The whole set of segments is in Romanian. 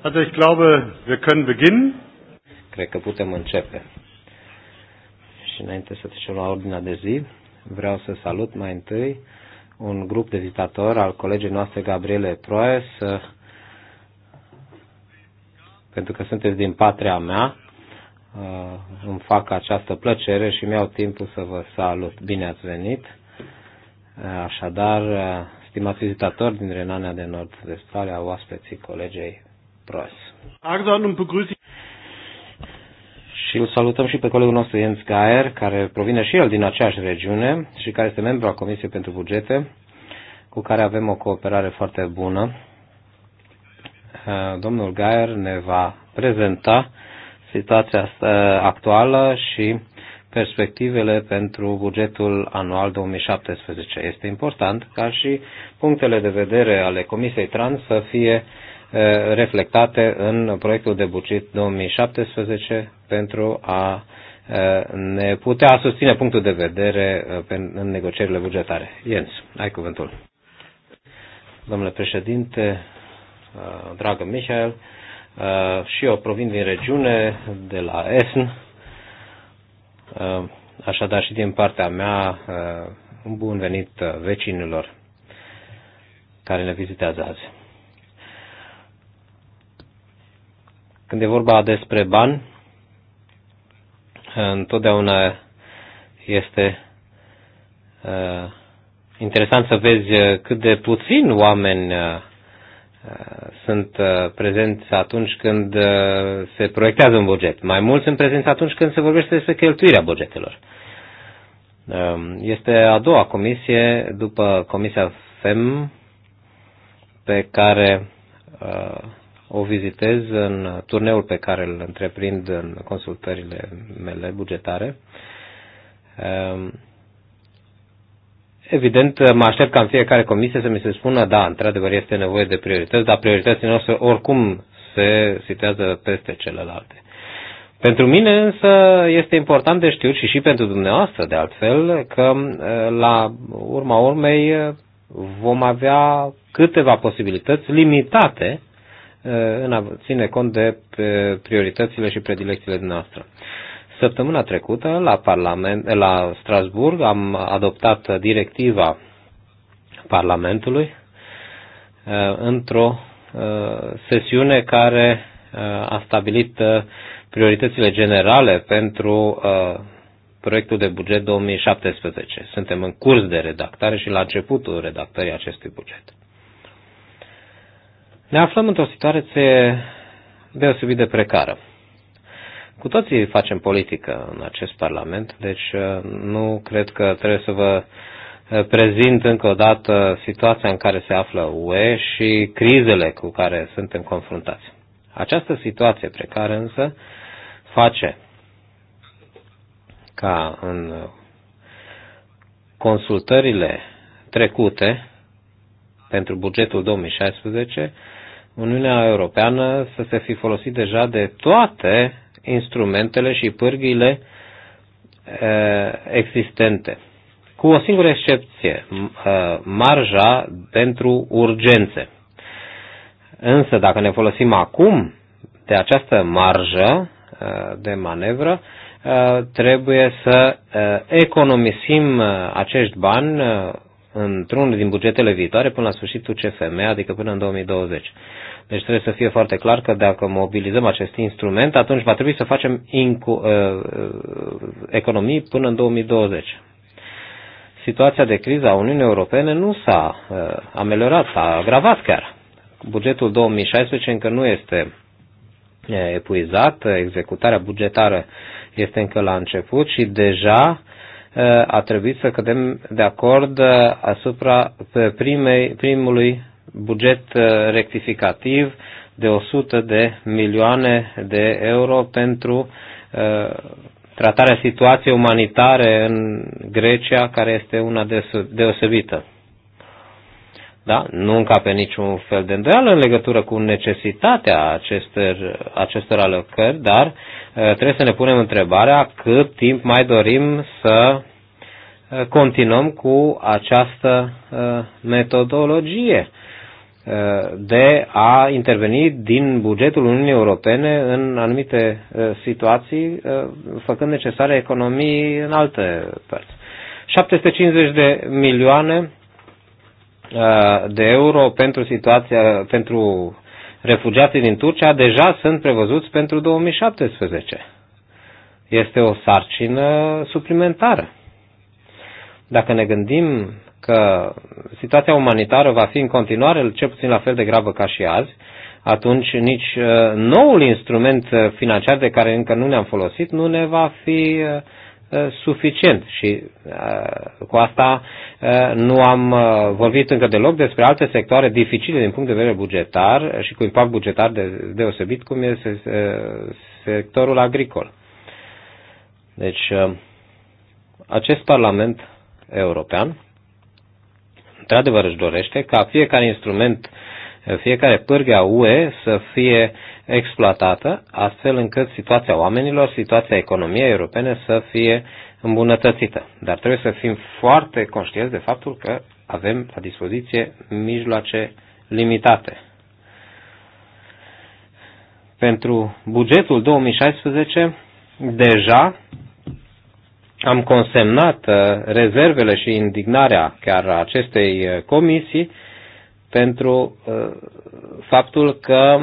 Also ich glaube, wir können beginnen. Cred că putem începe. Și înainte să trecem la ordinea de zi, vreau să salut mai întâi un grup de vizitatori al colegii noastre Gabriele Proes, pentru că sunteți din patria mea, uh, îmi fac această plăcere și mi-au timpul să vă salut. Bine ați venit! Uh, așadar, uh, stimați vizitatori din Renania de Nord-Vestfalia, oaspeții colegei Ross. Și îl salutăm și pe colegul nostru Jens Gaier, care provine și el din aceeași regiune și care este membru al Comisiei pentru Bugete, cu care avem o cooperare foarte bună. Uh, domnul Gaier ne va prezenta situația uh, actuală și perspectivele pentru bugetul anual 2017. Este important ca și punctele de vedere ale Comisiei Trans să fie Eh, reflectate în proiectul de buget 2017 pentru a eh, ne putea susține punctul de vedere eh, în negocierile bugetare. Jens, ai cuvântul. Domnule președinte, dragă Michael, și eu provin din regiune, de la Esn, așadar și din partea mea, un bun venit vecinilor care ne vizitează azi. Când e vorba despre bani, eh, întotdeauna este uh, interesant să vezi eh, cât de puțin oameni uh, sunt uh, prezenți atunci când uh, se proiectează un buget. Mai mulți sunt prezenți atunci când se vorbește despre cheltuirea bugetelor. Ehm, este a doua comisie, după Comisia FEM, pe care o vizitez în turneul pe care îl întreprind în consultările mele bugetare. Ehm, evident, mă aștept ca în fiecare comisie să mi se spună, da, într-adevăr este nevoie de priorități, dar prioritățile noastre oricum se situează peste celelalte. Pentru mine însă este important de știut și și pentru dumneavoastră de altfel că la urma urmei vom avea câteva posibilități limitate Eh, în a ține cont de prioritățile și predilecțiile noastre. Săptămâna trecută, la, Parlament, eh, la Strasburg, am adoptat directiva Parlamentului eh, într-o sesiune care a stabilit prioritățile generale pentru proiectul de buget 2017. Suntem în curs de redactare și la începutul redactării acestui buget. Ne aflăm într-o situație deosebit de precară. Cu toții facem politică în acest Parlament, deci uh, nu cred că trebuie să vă uh, prezint încă o dată situația în care se află UE și crizele cu care suntem confruntați. Această situație precară însă face ca în consultările trecute pentru bugetul 2016 Uniunea Europeană să se fi folosit deja de toate instrumentele și pârghiile existente, cu o singură excepție, marja pentru urgențe. Însă, dacă ne folosim acum de această marjă de manevră, trebuie să economisim acești bani într-unul din bugetele viitoare până la sfârșitul CFM, adică până în 2020. Deci trebuie să fie foarte clar că dacă mobilizăm acest instrument, atunci va trebui să facem incu, uh, uh economii până în 2020. Situația de criză a Uniunii Europene nu s-a uh, ameliorat, s-a agravat chiar. Bugetul 2016 încă nu este uh, epuizat, executarea bugetară este încă la început și deja uh, a trebuit să cădem de acord asupra primei, primului buget uh, rectificativ de 100 de milioane de euro pentru uh, tratarea situației umanitare în Grecia, care este una deosebită. Da? Nu încape niciun fel de îndoială în legătură cu necesitatea acestor, acestor alocări, dar uh, trebuie să ne punem întrebarea cât timp mai dorim să continuăm cu această metodologie de a interveni din bugetul Uniunii Europene în anumite uh, situații, uh, făcând necesare economii în alte părți. 750 de milioane uh, de euro pentru situația, pentru refugiații din Turcia deja sunt prevăzuți pentru 2017. Este o sarcină suplimentară. Dacă ne gândim Că situația umanitară va fi în continuare cel puțin la fel de gravă ca și azi, atunci nici uh, noul instrument uh, financiar de care încă nu ne-am folosit nu ne va fi uh, suficient și cu asta nu am vorbit încă deloc despre alte sectoare dificile din punct de vedere bugetar și cu impact bugetar de, deosebit cum este sectorul agricol. Deci acest Parlament European într-adevăr își dorește ca fiecare instrument, fiecare pârghe a UE să fie exploatată, astfel încât situația oamenilor, situația economiei europene să fie îmbunătățită. Dar trebuie să fim foarte conștienți de faptul că avem la dispoziție mijloace limitate. Pentru bugetul 2016, deja am consemnat uh, rezervele și indignarea chiar a acestei uh, comisii pentru uh, faptul că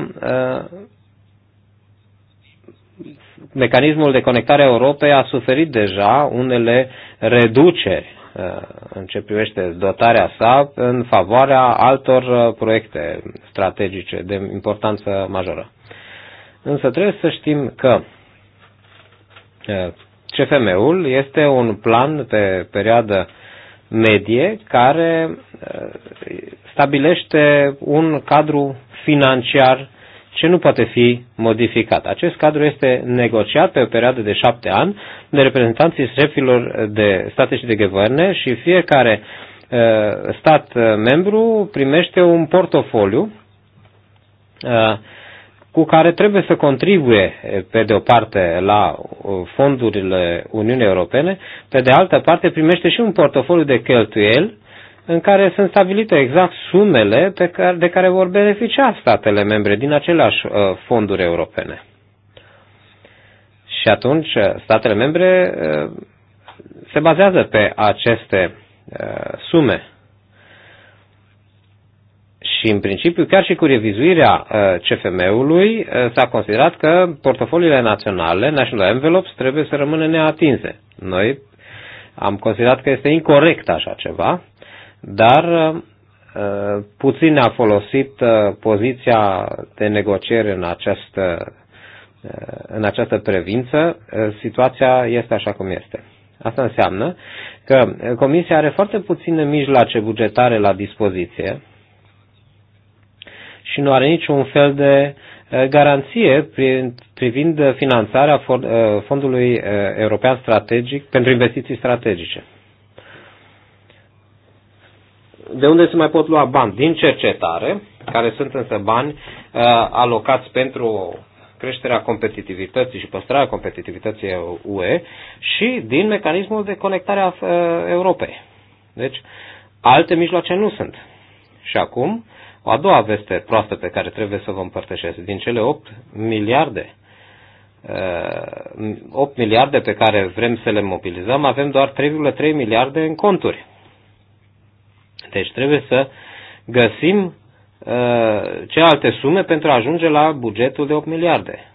mecanismul de conectare a Europei a suferit deja unele reduceri în ce privește dotarea sa în favoarea altor proiecte strategice de importanță majoră. Însă trebuie să știm că CFM-ul este un plan pe perioadă medie care eh, stabilește un cadru financiar ce nu poate fi modificat. Acest cadru este negociat pe o perioadă de șapte ani de reprezentanții șefilor de state și de guverne și fiecare eh, stat membru primește un portofoliu eh, cu care trebuie să contribuie, pe de o parte, la uh, fondurile Uniunii Europene, pe de altă parte primește și un portofoliu de cheltuieli în care sunt stabilite exact sumele pe care, de care vor beneficia statele membre din aceleași uh, fonduri europene. Și atunci uh, statele membre se bazează pe aceste sume și în principiu, chiar și cu revizuirea uh, CFM-ului, uh, s-a considerat că portofoliile naționale, national envelopes, trebuie să rămână neatinse. Noi am considerat că este incorrect așa ceva, dar uh, puțin a folosit poziția de negociere în această, în această prevință, situația este așa cum este. Asta înseamnă că Comisia are foarte puține mijloace bugetare la dispoziție și nu are niciun fel de eh, garanție privind finanțarea eh, Fondului eh, European Strategic pentru investiții strategice. De unde se mai pot lua bani? Din cercetare, care sunt însă bani alocați pentru creșterea competitivității și păstrarea competitivității UE și din mecanismul de conectare a Europei. Deci, alte mijloace nu sunt. Și acum, o a doua veste proastă pe care trebuie să vă împărtășesc, din cele 8 miliarde 8 uh, miliarde pe care vrem să le mobilizăm, avem doar 3,3 miliarde în conturi. Deci trebuie să găsim uh, ce alte sume pentru a ajunge la bugetul de 8 miliarde.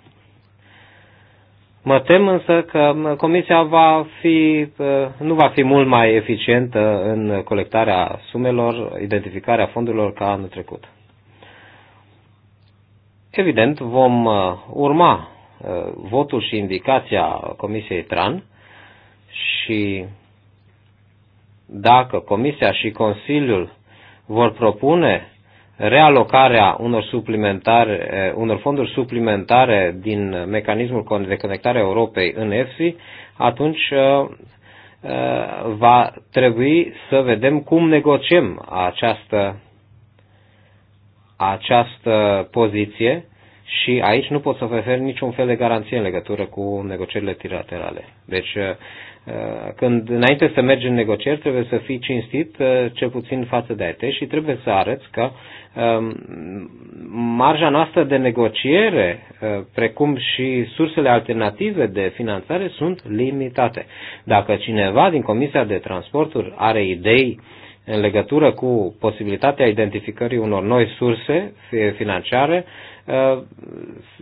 Mă tem însă că comisia va fi, uh, nu va fi mult mai eficientă în colectarea sumelor, identificarea fondurilor ca anul trecut. Evident, vom uh, urma uh, votul și indicația Comisiei TRAN și dacă Comisia și Consiliul vor propune realocarea unor, suplimentare, eh, unor fonduri suplimentare din mecanismul de conectare a Europei în EFSI, atunci eh, eh, va trebui să vedem cum negociem această, această poziție și aici nu pot să ofer niciun fel de garanție în legătură cu negocierile trilaterale. Deci Uh, când înainte să mergi în negocieri, trebuie să fii cinstit, uh, cel puțin față de ET, și trebuie să arăți că um, marja noastră de negociere, uh, precum și sursele alternative de finanțare, sunt limitate. Dacă cineva din Comisia de Transporturi are idei în legătură cu posibilitatea identificării unor noi surse financiare, Uh,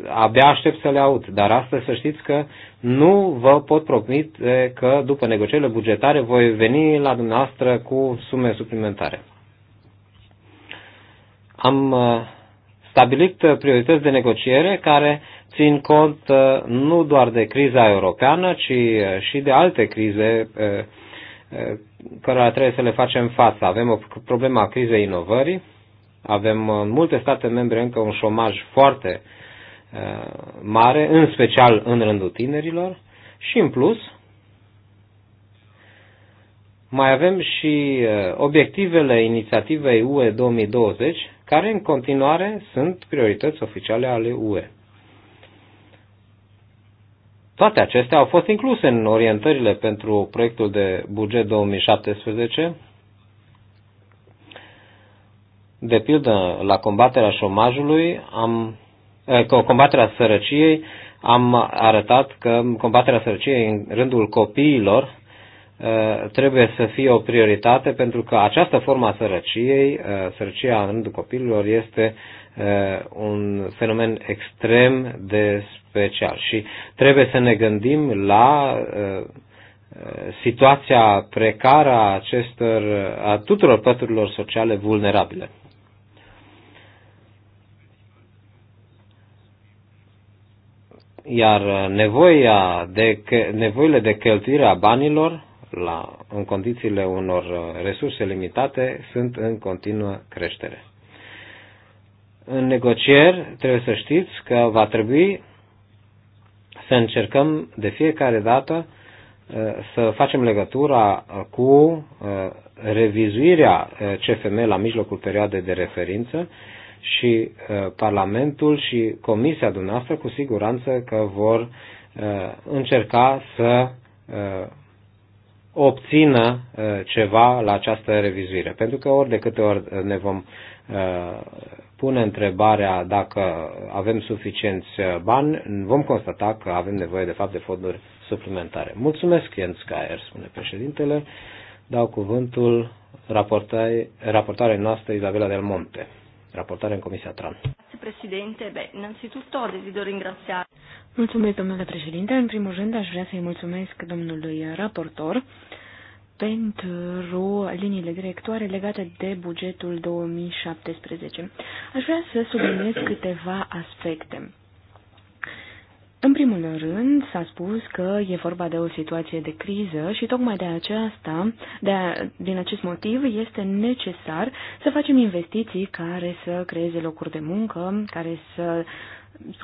abia aștept să le aud. Dar astăzi să știți că nu vă pot promite că după negocierile bugetare voi veni la dumneavoastră cu sume suplimentare. Am uh, stabilit priorități de negociere care țin cont uh, nu doar de criza europeană, ci și de alte crize care trebuie să le facem față. Avem o problemă a crizei inovării, avem uh, în multe state membre încă un șomaj foarte uh, mare, în special în rândul tinerilor și în plus mai avem și uh, obiectivele inițiativei UE 2020, care în continuare sunt priorități oficiale ale UE. Toate acestea au fost incluse în orientările pentru proiectul de buget 2017, de pildă, la combaterea șomajului, am, combaterea sărăciei, am arătat că combaterea sărăciei în rândul copiilor trebuie să fie o prioritate pentru că această formă a sărăciei, sărăcia în rândul copiilor, este un fenomen extrem de special și trebuie să ne gândim la situația precară a acestor, a tuturor păturilor sociale vulnerabile. iar uh, nevoia de, nevoile de cheltuire a banilor la, în condițiile unor uh, resurse limitate sunt în continuă creștere. În negocieri trebuie să știți că va trebui să încercăm de fiecare dată uh, să facem legătura cu revizuirea CFM la mijlocul perioadei de referință și uh, Parlamentul și Comisia dumneavoastră cu siguranță că vor uh, încerca să uh, obțină ceva la această revizuire. Pentru că ori de câte ori ne vom pune întrebarea dacă avem suficienți bani, vom constata că avem nevoie de fapt de fonduri suplimentare. Mulțumesc, Jens Gaier, spune președintele. Dau cuvântul raportarei noastre, Izabela del Monte raportare în Comisia TRAN. Președinte, beh, innanzitutto desidero ringraziare. Mulțumesc, domnule președinte. În primul rând, aș vrea să-i mulțumesc domnului raportor pentru liniile directoare legate de bugetul 2017. Aș vrea să subliniez câteva aspecte. În primul rând, s-a spus că e vorba de o situație de criză și tocmai de aceasta, de a, din acest motiv, este necesar să facem investiții care să creeze locuri de muncă, care să uh,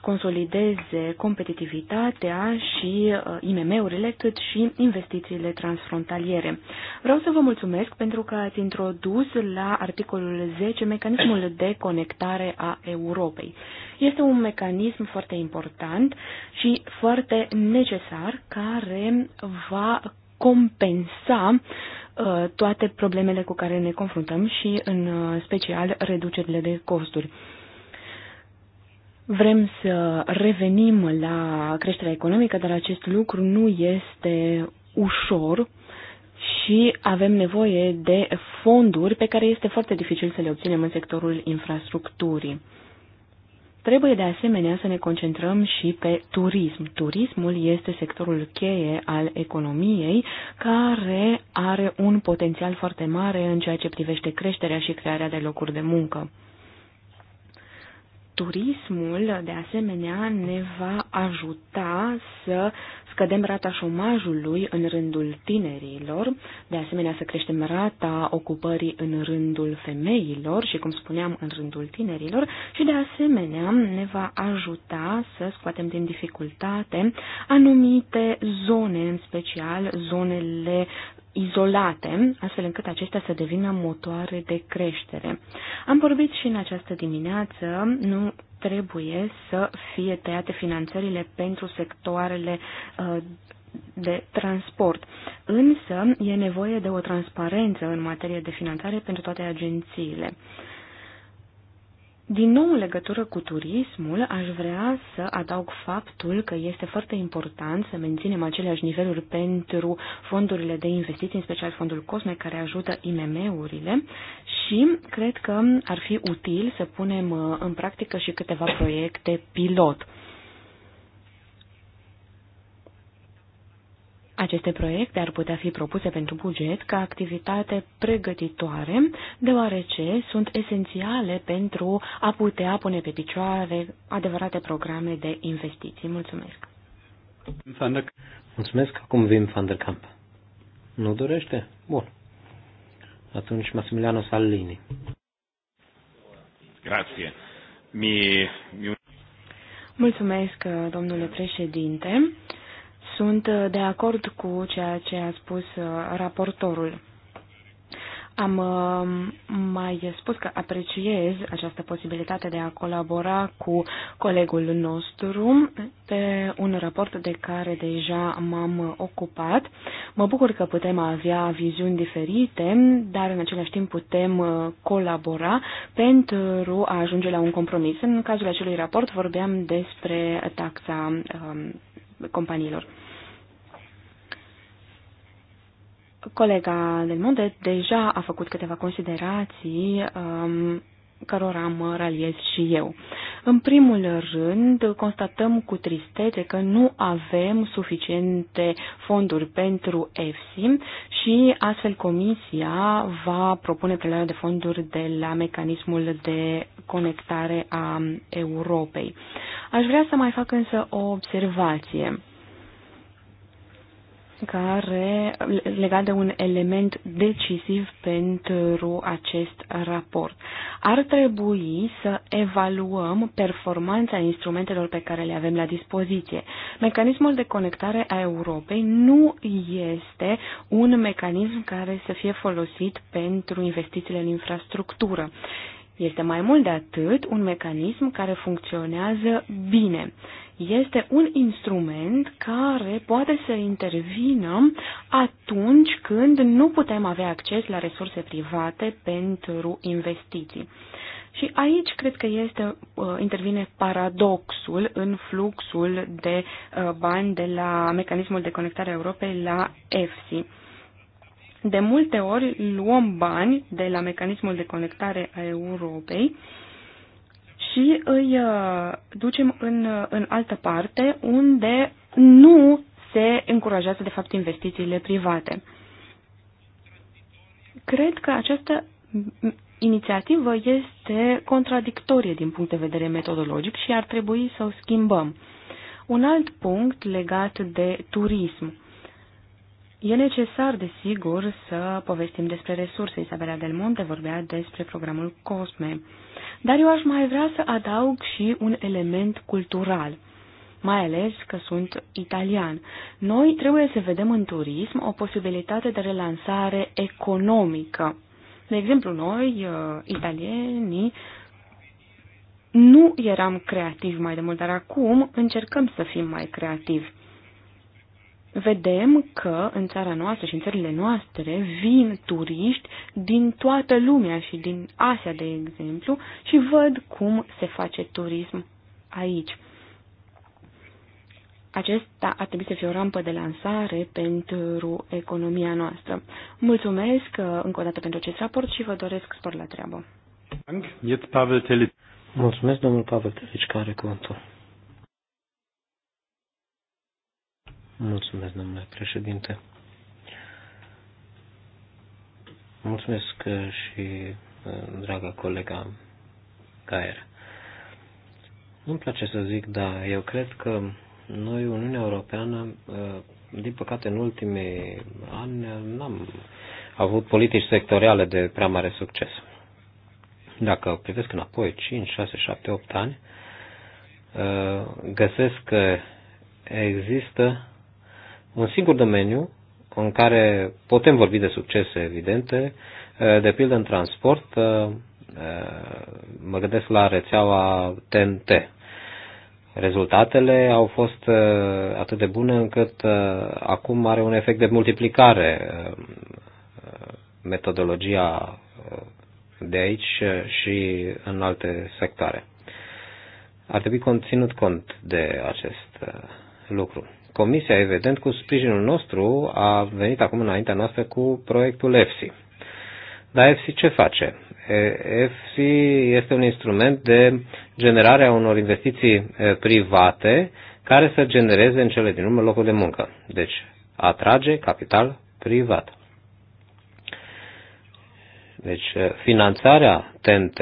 consolideze competitivitatea și uh, IMM-urile, cât și investițiile transfrontaliere. Vreau să vă mulțumesc pentru că ați introdus la articolul 10 mecanismul de conectare a Europei. Este un mecanism foarte important și foarte necesar care va compensa uh, toate problemele cu care ne confruntăm și în uh, special reducerile de costuri. Vrem să revenim la creșterea economică, dar acest lucru nu este ușor și avem nevoie de fonduri pe care este foarte dificil să le obținem în sectorul infrastructurii. Trebuie de asemenea să ne concentrăm și pe turism. Turismul este sectorul cheie al economiei care are un potențial foarte mare în ceea ce privește creșterea și crearea de locuri de muncă. Turismul, de asemenea, ne va ajuta să scădem rata șomajului în rândul tinerilor, de asemenea să creștem rata ocupării în rândul femeilor și, cum spuneam, în rândul tinerilor și, de asemenea, ne va ajuta să scoatem din dificultate anumite zone, în special zonele izolate, astfel încât acestea să devină motoare de creștere. Am vorbit și în această dimineață, nu trebuie să fie tăiate finanțările pentru sectoarele uh, de transport. Însă e nevoie de o transparență în materie de finanțare pentru toate agențiile. Din nou, în legătură cu turismul, aș vrea să adaug faptul că este foarte important să menținem aceleași niveluri pentru fondurile de investiții, în special fondul COSME, care ajută IMM-urile și cred că ar fi util să punem uh, în practică și câteva proiecte pilot. Aceste proiecte ar putea fi propuse pentru buget ca activitate pregătitoare, deoarece sunt esențiale pentru a putea pune pe picioare adevărate programe de investiții. Mulțumesc! Mulțumesc, acum vin van der Kamp. Nu dorește? Bun. Atunci Massimiliano Sallini. Grazie. Mi... Mulțumesc, domnule președinte. Sunt uh, de acord cu ceea ce a spus uh, raportorul. Am uh, mai spus că apreciez această posibilitate de a colabora cu colegul nostru pe un raport de care deja m-am ocupat. Mă bucur că putem avea viziuni diferite, dar în același timp putem colabora pentru a ajunge la un compromis. În cazul acelui raport vorbeam despre taxa um, companiilor. Colega del Munte deja a făcut câteva considerații um, cărora am raliez și eu. În primul rând, constatăm cu tristețe că nu avem suficiente fonduri pentru EFSI și astfel Comisia va propune prelarea de fonduri de la mecanismul de conectare a Europei. Aș vrea să mai fac însă o observație care, legat de un element decisiv pentru acest raport. Ar trebui să evaluăm performanța instrumentelor pe care le avem la dispoziție. Mecanismul de conectare a Europei nu este un mecanism care să fie folosit pentru investițiile în infrastructură. Este mai mult de atât un mecanism care funcționează bine. Este un instrument care poate să intervină atunci când nu putem avea acces la resurse private pentru investiții. Și aici cred că este, uh, intervine paradoxul în fluxul de uh, bani de la mecanismul de conectare a Europei la EFSI de multe ori luăm bani de la mecanismul de conectare a Europei și îi uh, ducem în, uh, în altă parte unde nu se încurajează de fapt investițiile private. Cred că această inițiativă este contradictorie din punct de vedere metodologic și ar trebui să o schimbăm. Un alt punct legat de turism. E necesar, desigur, să povestim despre resurse. Isabela Del Monte vorbea despre programul COSME. Dar eu aș mai vrea să adaug și un element cultural, mai ales că sunt italian. Noi trebuie să vedem în turism o posibilitate de relansare economică. De exemplu, noi, uh, italienii, nu eram creativi mai de mult, dar acum încercăm să fim mai creativi vedem că în țara noastră și în țările noastre vin turiști din toată lumea și din Asia, de exemplu, și văd cum se face turism aici. Acesta ar trebui să fie o rampă de lansare pentru economia noastră. Mulțumesc uh, încă o dată pentru acest raport și vă doresc spor la treabă. Mulțumesc, domnul Pavel Telici, care cuvântul. Mulțumesc, domnule președinte. Mulțumesc uh, și uh, draga colega Gaer. Nu-mi place să zic, dar eu cred că noi, Uniunea Europeană, uh, din păcate în ultimii ani n-am avut politici sectoriale de prea mare succes. Dacă privesc înapoi 5, 6, 7, 8 ani, găsesc că există un singur domeniu în care putem vorbi de succese evidente, eh, de pildă în transport, eh, eh, mă gândesc la rețeaua TNT. Rezultatele au fost atât de bune încât acum are un efect de multiplicare metodologia de aici și în alte sectoare. Ar trebui conținut cont de acest lucru. Comisia, evident, cu sprijinul nostru, a venit acum înaintea noastră cu proiectul EFSI. Dar EFSI ce face? EFSI este un instrument de generare a unor investiții private care să genereze în cele din urmă locuri de muncă. Deci, atrage capital privat. Deci, finanțarea TNT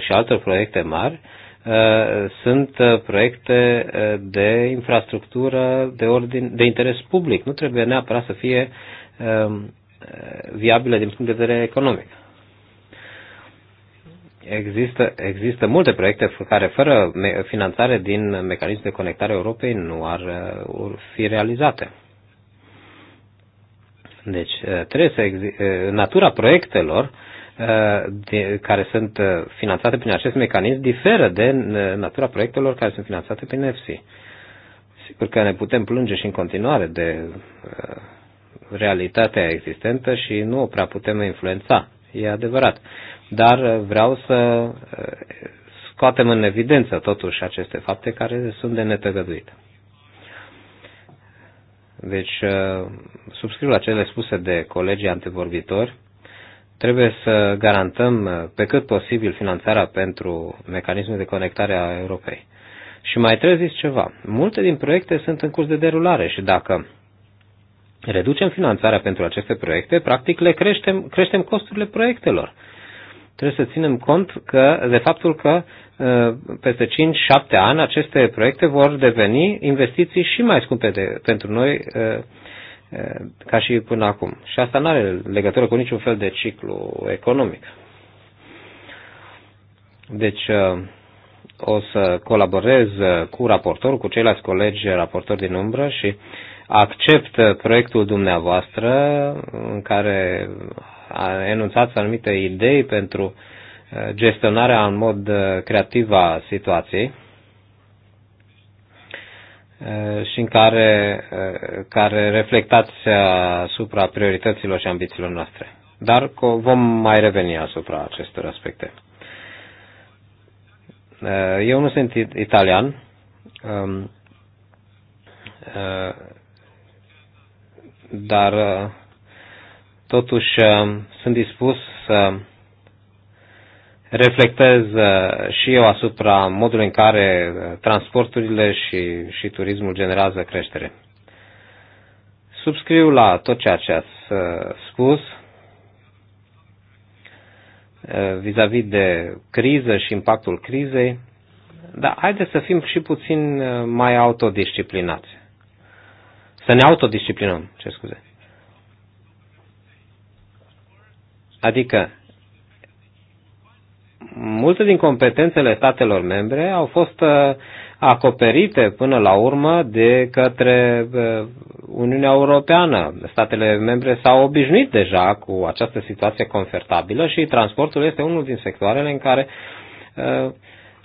și altor proiecte mari Uh, sunt uh, proiecte uh, de infrastructură de, ordin, de interes public. Nu trebuie neapărat să fie um, viabile din punct de vedere economic. Există, există multe proiecte care fără finanțare din mecanismul de conectare Europei nu ar fi realizate. Deci, trebuie să exi- natura proiectelor care sunt uh, finanțate prin acest mecanism diferă de uh, natura proiectelor care sunt finanțate prin EFSI. Sigur că ne putem plânge și în continuare de uh, realitatea existentă și nu o prea putem influența. E adevărat. Dar vreau să scoatem în evidență totuși aceste fapte care sunt de netăgăduit. Deci, subscriu la cele spuse de colegii antevorbitori Trebuie să garantăm uh, pe cât posibil finanțarea pentru mecanismul de conectare a Europei. Și mai trebuie zis ceva. Multe din proiecte sunt în curs de derulare și dacă reducem finanțarea pentru aceste proiecte, practic le creștem, creștem costurile proiectelor. Trebuie să ținem cont că, de faptul că uh, peste 5-7 ani aceste proiecte vor deveni investiții și mai scumpe de, pentru noi uh, Eh, ca și până acum. Și asta nu are legătură cu niciun fel de ciclu economic. Deci eh, o să colaborez eh, cu raportorul, cu ceilalți colegi raportori din umbră și accept proiectul dumneavoastră în care a enunțat anumite idei pentru gestionarea în mod creativ a situației Eh, și în care, eh, care reflectați asupra priorităților și ambițiilor noastre. Dar vom mai reveni asupra acestor aspecte. Eh, eu nu sunt italian. Ehm, dar totuși sunt dispus să reflectez uh, și eu asupra modului în care uh, transporturile și, și turismul generează creștere. Subscriu la tot ceea ce ați uh, spus vis-a-vis -vis de criză și impactul crizei, dar haideți să fim și puțin mai autodisciplinați. Să ne autodisciplinăm, ce scuze. Adică multe din competențele statelor membre au fost uh, acoperite până la urmă de către uh, Uniunea Europeană. Statele membre s-au obișnuit deja cu această situație confortabilă și transportul este unul din sectoarele în care uh,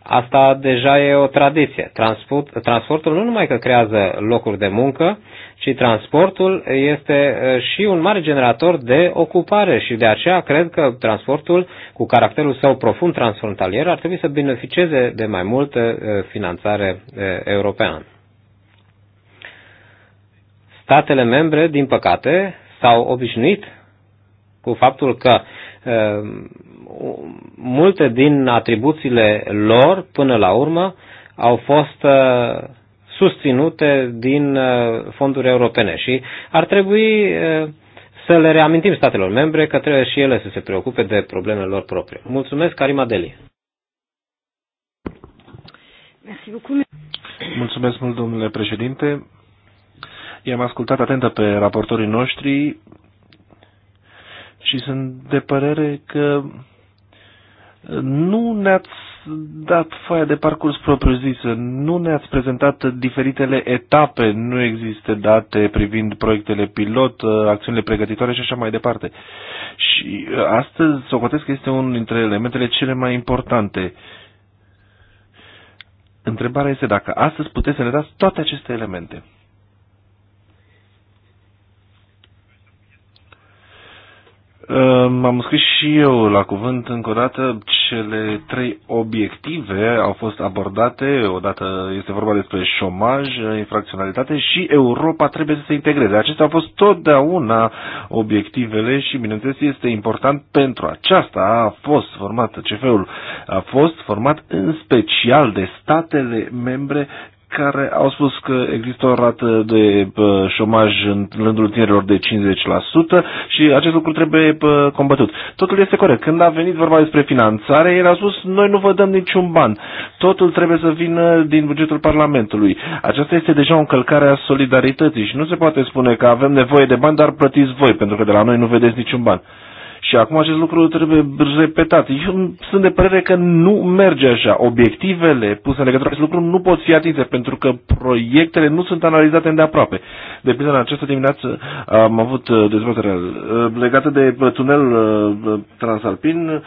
Asta deja e o tradiție. Transport, transportul nu numai că creează locuri de muncă, ci transportul este și un mare generator de ocupare și de aceea cred că transportul, cu caracterul său profund transfrontalier, ar trebui să beneficieze de mai multă finanțare europeană. Statele membre, din păcate, s-au obișnuit cu faptul că multe din atribuțiile lor, până la urmă, au fost uh, susținute din uh, fonduri europene și ar trebui uh, să le reamintim statelor membre că trebuie și ele să se preocupe de problemele lor proprie. Mulțumesc, Karima Deli. Mulțumesc mult, domnule președinte. I-am ascultat atentă pe raportorii noștri și sunt de părere că nu ne-ați dat foaia de parcurs propriu-zisă, nu ne-ați prezentat diferitele etape, nu există date privind proiectele pilot, uh, acțiunile pregătitoare și așa mai departe. Și uh, astăzi, o că este unul dintre elementele cele mai importante. Întrebarea este dacă astăzi puteți să ne dați toate aceste elemente. Ehm, m-am scris și eu la cuvânt încă o dată. Cele trei obiective au fost abordate. Odată este vorba despre șomaj, infracționalitate și Europa trebuie să se integreze. Acestea au fost totdeauna obiectivele și, bineînțeles, este important pentru aceasta. A fost format CFE-ul, a fost format în special de statele membre care au spus că există o rată de șomaj în rândul tinerilor de 50% și acest lucru trebuie combătut. Totul este corect. Când a venit vorba despre finanțare, el a spus noi nu vă dăm niciun ban. Totul trebuie să vină din bugetul Parlamentului. Aceasta este deja o încălcare a solidarității și nu se poate spune că avem nevoie de bani, dar plătiți voi, pentru că de la noi nu vedeți niciun ban. Și acum acest lucru trebuie repetat. Eu sunt de părere că nu merge așa. Obiectivele puse în legătură cu acest lucru nu pot fi atinse pentru că proiectele nu sunt analizate îndeaproape. De pildă, în această dimineață am avut uh, dezbaterea uh, legată de uh, tunel transalpin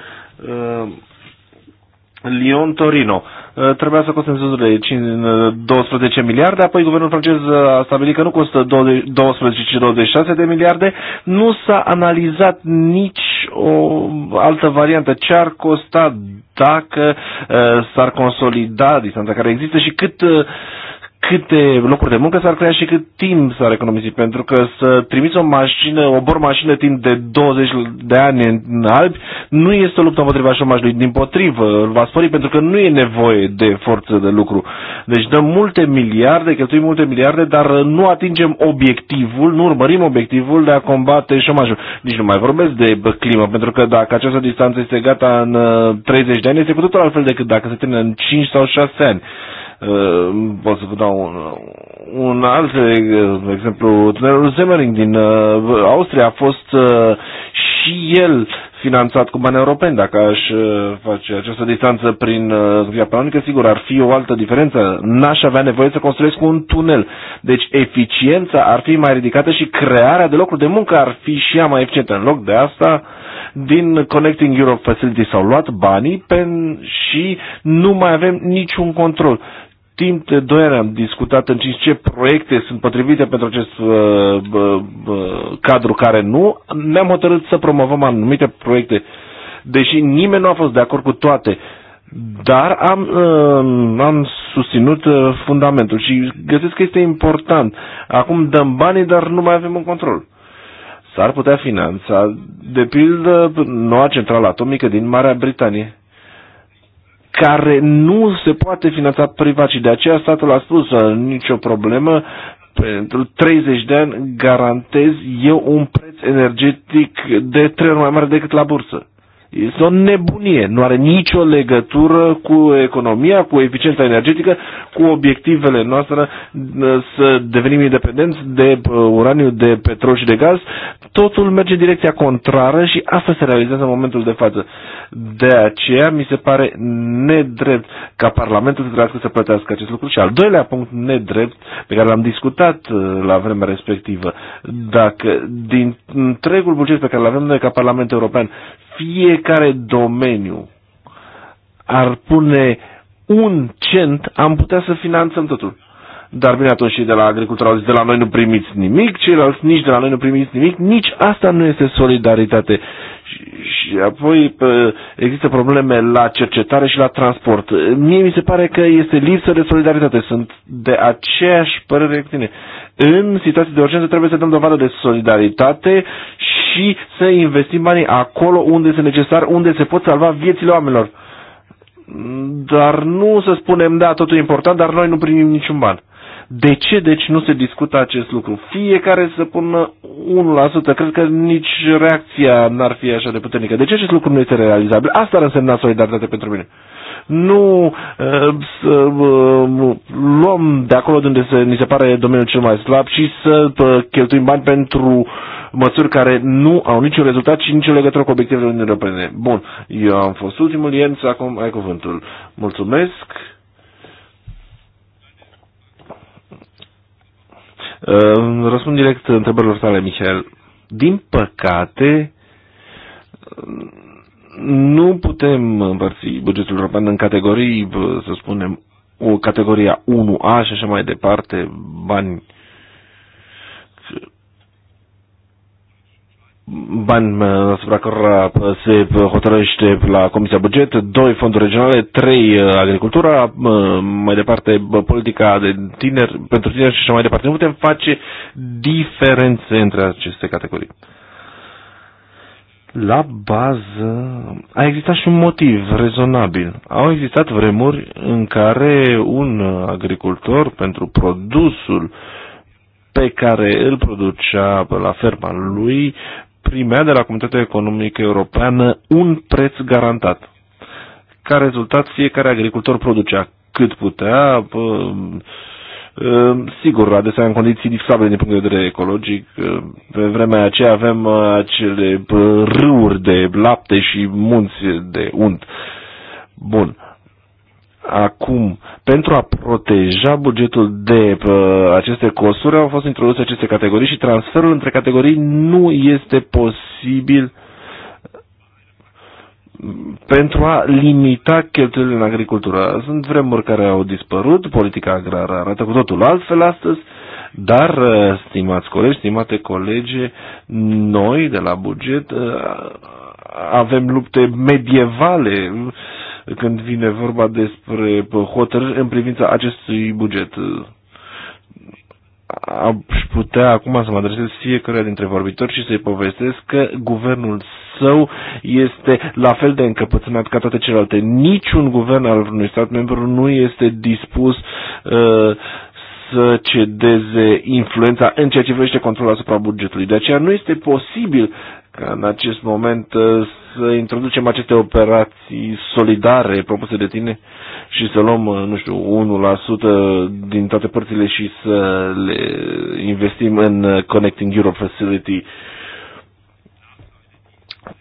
Lyon-Torino. Uh, trebuia să de 12 uh, miliarde, apoi guvernul francez uh, a stabilit că nu costă 12, ci 26 de miliarde. Nu s-a analizat nici o altă variantă, ce ar costa dacă s-ar consolida distanța care există și cât uh, câte locuri de muncă s-ar crea și cât timp s-ar economisi. Pentru că să trimiți o mașină, o bor mașină timp de 20 de ani în albi, nu este o luptă împotriva șomajului. Din potrivă, îl va spori pentru că nu e nevoie de forță de lucru. Deci dăm multe miliarde, cheltuim multe miliarde, dar nu atingem obiectivul, nu urmărim obiectivul de a combate șomajul. Nici nu mai vorbesc de climă, pentru că dacă această distanță este gata în 30 uh, de ani, este cu totul altfel decât dacă se termină în 5 sau 6 ani. Uh, pot să vă dau un, un alt uh, exemplu. Tunelul Semmering din uh, Austria a fost și el finanțat cu bani europeni. Dacă aș face această distanță prin via planică, sigur, ar fi o altă diferență. N-aș avea nevoie să construiesc un tunel. Deci eficiența ar fi mai ridicată și crearea de locuri de muncă ar fi și ea mai eficientă. În loc de asta, din Connecting Europe Facility s-au luat banii pen și nu mai avem niciun control timp de 2 ani am discutat în ce proiecte sunt potrivite pentru acest uh, uh, cadru care nu. Ne-am hotărât să promovăm anumite proiecte, deși nimeni nu a fost de acord cu toate. Dar am, uh, am susținut uh, fundamentul și găsesc că este important. Acum dăm banii, dar nu mai avem un control. S-ar putea finanța, de pildă, noua centrală atomică din Marea Britanie care nu se poate finanța privat și de aceea statul a spus nicio problemă, pentru 30 de ani garantez eu un preț energetic de trei ori mai mare decât la bursă. Este o nebunie, nu are nicio legătură cu economia, cu eficiența energetică, cu obiectivele noastre să devenim independenți de uh, uraniu, de petrol și de gaz. Totul merge în direcția contrară și asta se realizează în momentul de față. De aceea mi se pare nedrept ca Parlamentul să trebuiască să plătească acest lucru. Și al doilea punct nedrept pe care l-am discutat uh, la vremea respectivă, dacă din întregul buget pe care l avem noi ca Parlament European, fiecare domeniu ar pune un cent, am putea să finanțăm totul. Dar bine, atunci și de la agricultură au zis, de la noi nu primiți nimic, ceilalți nici de la noi nu primiți nimic, nici asta nu este solidaritate. Și apoi există probleme la cercetare și la transport. Mie mi se pare că este lipsă de solidaritate. Sunt de aceeași părere cu tine. În situații de urgență trebuie să dăm dovadă de solidaritate și să investim banii acolo unde este necesar, unde se pot salva viețile oamenilor. Dar nu să spunem, da, totul e important, dar noi nu primim niciun ban. De ce deci nu se discută acest lucru? Fiecare să pună 1%, cred că nici reacția n-ar fi așa de puternică. De ce acest lucru nu este realizabil? Asta ar însemna solidaritate pentru mine. Nu uh, să uh, luăm de acolo de unde se, ni se pare domeniul cel mai slab și să uh, cheltuim bani pentru măsuri care nu au niciun rezultat și nicio legătură cu obiectivele Uniunii Europene. Bun, eu am fost ultimul, Jens, acum ai cuvântul. Mulțumesc. Răspund direct întrebărilor tale, Michel. Din păcate, nu putem împărți bugetul european în categorii, să spunem, o categoria 1A și așa mai departe, bani bani uh, asupra cărora uh, se uh, hotărăște la Comisia Buget, doi fonduri regionale, trei agricultura, mai departe politica de tineri, pentru tineri și așa mai departe. Nu putem face diferențe între aceste categorii. La bază a existat și un motiv rezonabil. Au existat vremuri în care un agricultor pentru produsul pe care îl producea la ferma lui primea de la Comunitatea Economică Europeană un preț garantat. Ca rezultat, fiecare agricultor producea cât putea, sigur, adesea în condiții disabile din punct de vedere ecologic. Pe vremea aceea avem acele râuri de lapte și munți de unt. Bun Acum, pentru a proteja bugetul de uh, aceste costuri, au fost introduse aceste categorii și transferul între categorii nu este posibil mm, pentru a limita cheltuielile în agricultură. Sunt vremuri care au dispărut, politica agrară arată cu totul altfel astăzi, dar, uh, stimați colegi, stimate colege, noi de la buget uh, avem lupte medievale când vine vorba despre uh, hotărâri în privința acestui buget. Uh, Aș putea acum să mă adresez fiecare dintre vorbitori și să-i povestesc că guvernul său este la fel de încăpățânat ca toate celelalte. Niciun guvern al unui stat membru nu este dispus uh, să cedeze influența în ceea ce privește controlul asupra bugetului. De aceea nu este posibil ca în acest moment uh, să introducem aceste operații solidare propuse de tine și să luăm, uh, nu știu, 1% din toate părțile și să le investim în uh, Connecting Europe Facility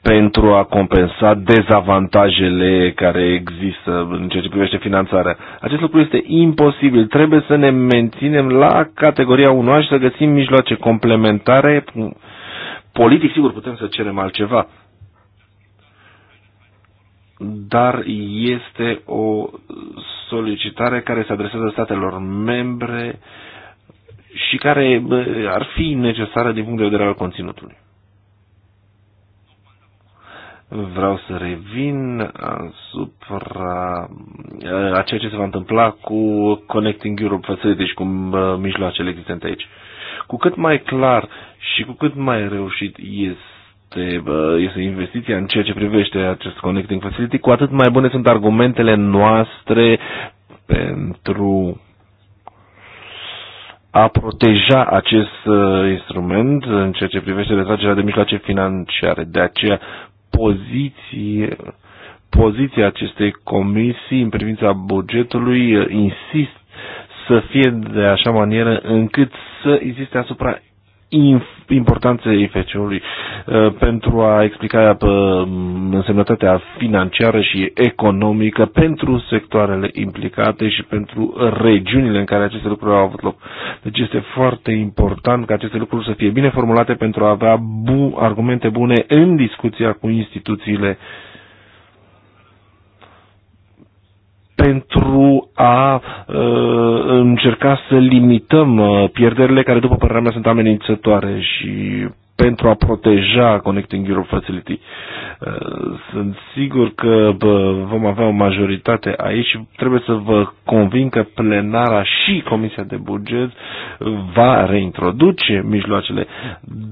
pentru a compensa dezavantajele care există în ceea ce privește finanțarea. Acest lucru este imposibil. Trebuie să ne menținem la categoria 1 și să găsim mijloace complementare politic sigur putem să cerem altceva, dar este o solicitare care se adresează statelor membre și care ar fi necesară din punct de vedere al conținutului. Vreau să revin asupra a ceea ce se va întâmpla cu Connecting Europe Facility și cu mijloacele existente aici. Cu cât mai clar și cu cât mai reușit este, este investiția în ceea ce privește acest Connecting Facility, cu atât mai bune sunt argumentele noastre pentru a proteja acest uh, instrument în ceea ce privește retragerea de mijloace financiare. De aceea, poziție, poziția acestei comisii în privința bugetului uh, insist să fie de așa manieră încât să existe asupra importanță IFC-ului uh, pentru a explica uh, însemnătatea financiară și economică pentru sectoarele implicate și pentru regiunile în care aceste lucruri au avut loc. Deci este foarte important ca aceste lucruri să fie bine formulate pentru a avea bu- argumente bune în discuția cu instituțiile uh, pentru a uh, încerca să limităm uh, pierderile care, după părerea mea, sunt amenințătoare și pentru a proteja Connecting Europe Facility. Uh, sunt sigur că vom avea o majoritate aici și trebuie să vă convin că plenara și Comisia de Buget va reintroduce mijloacele,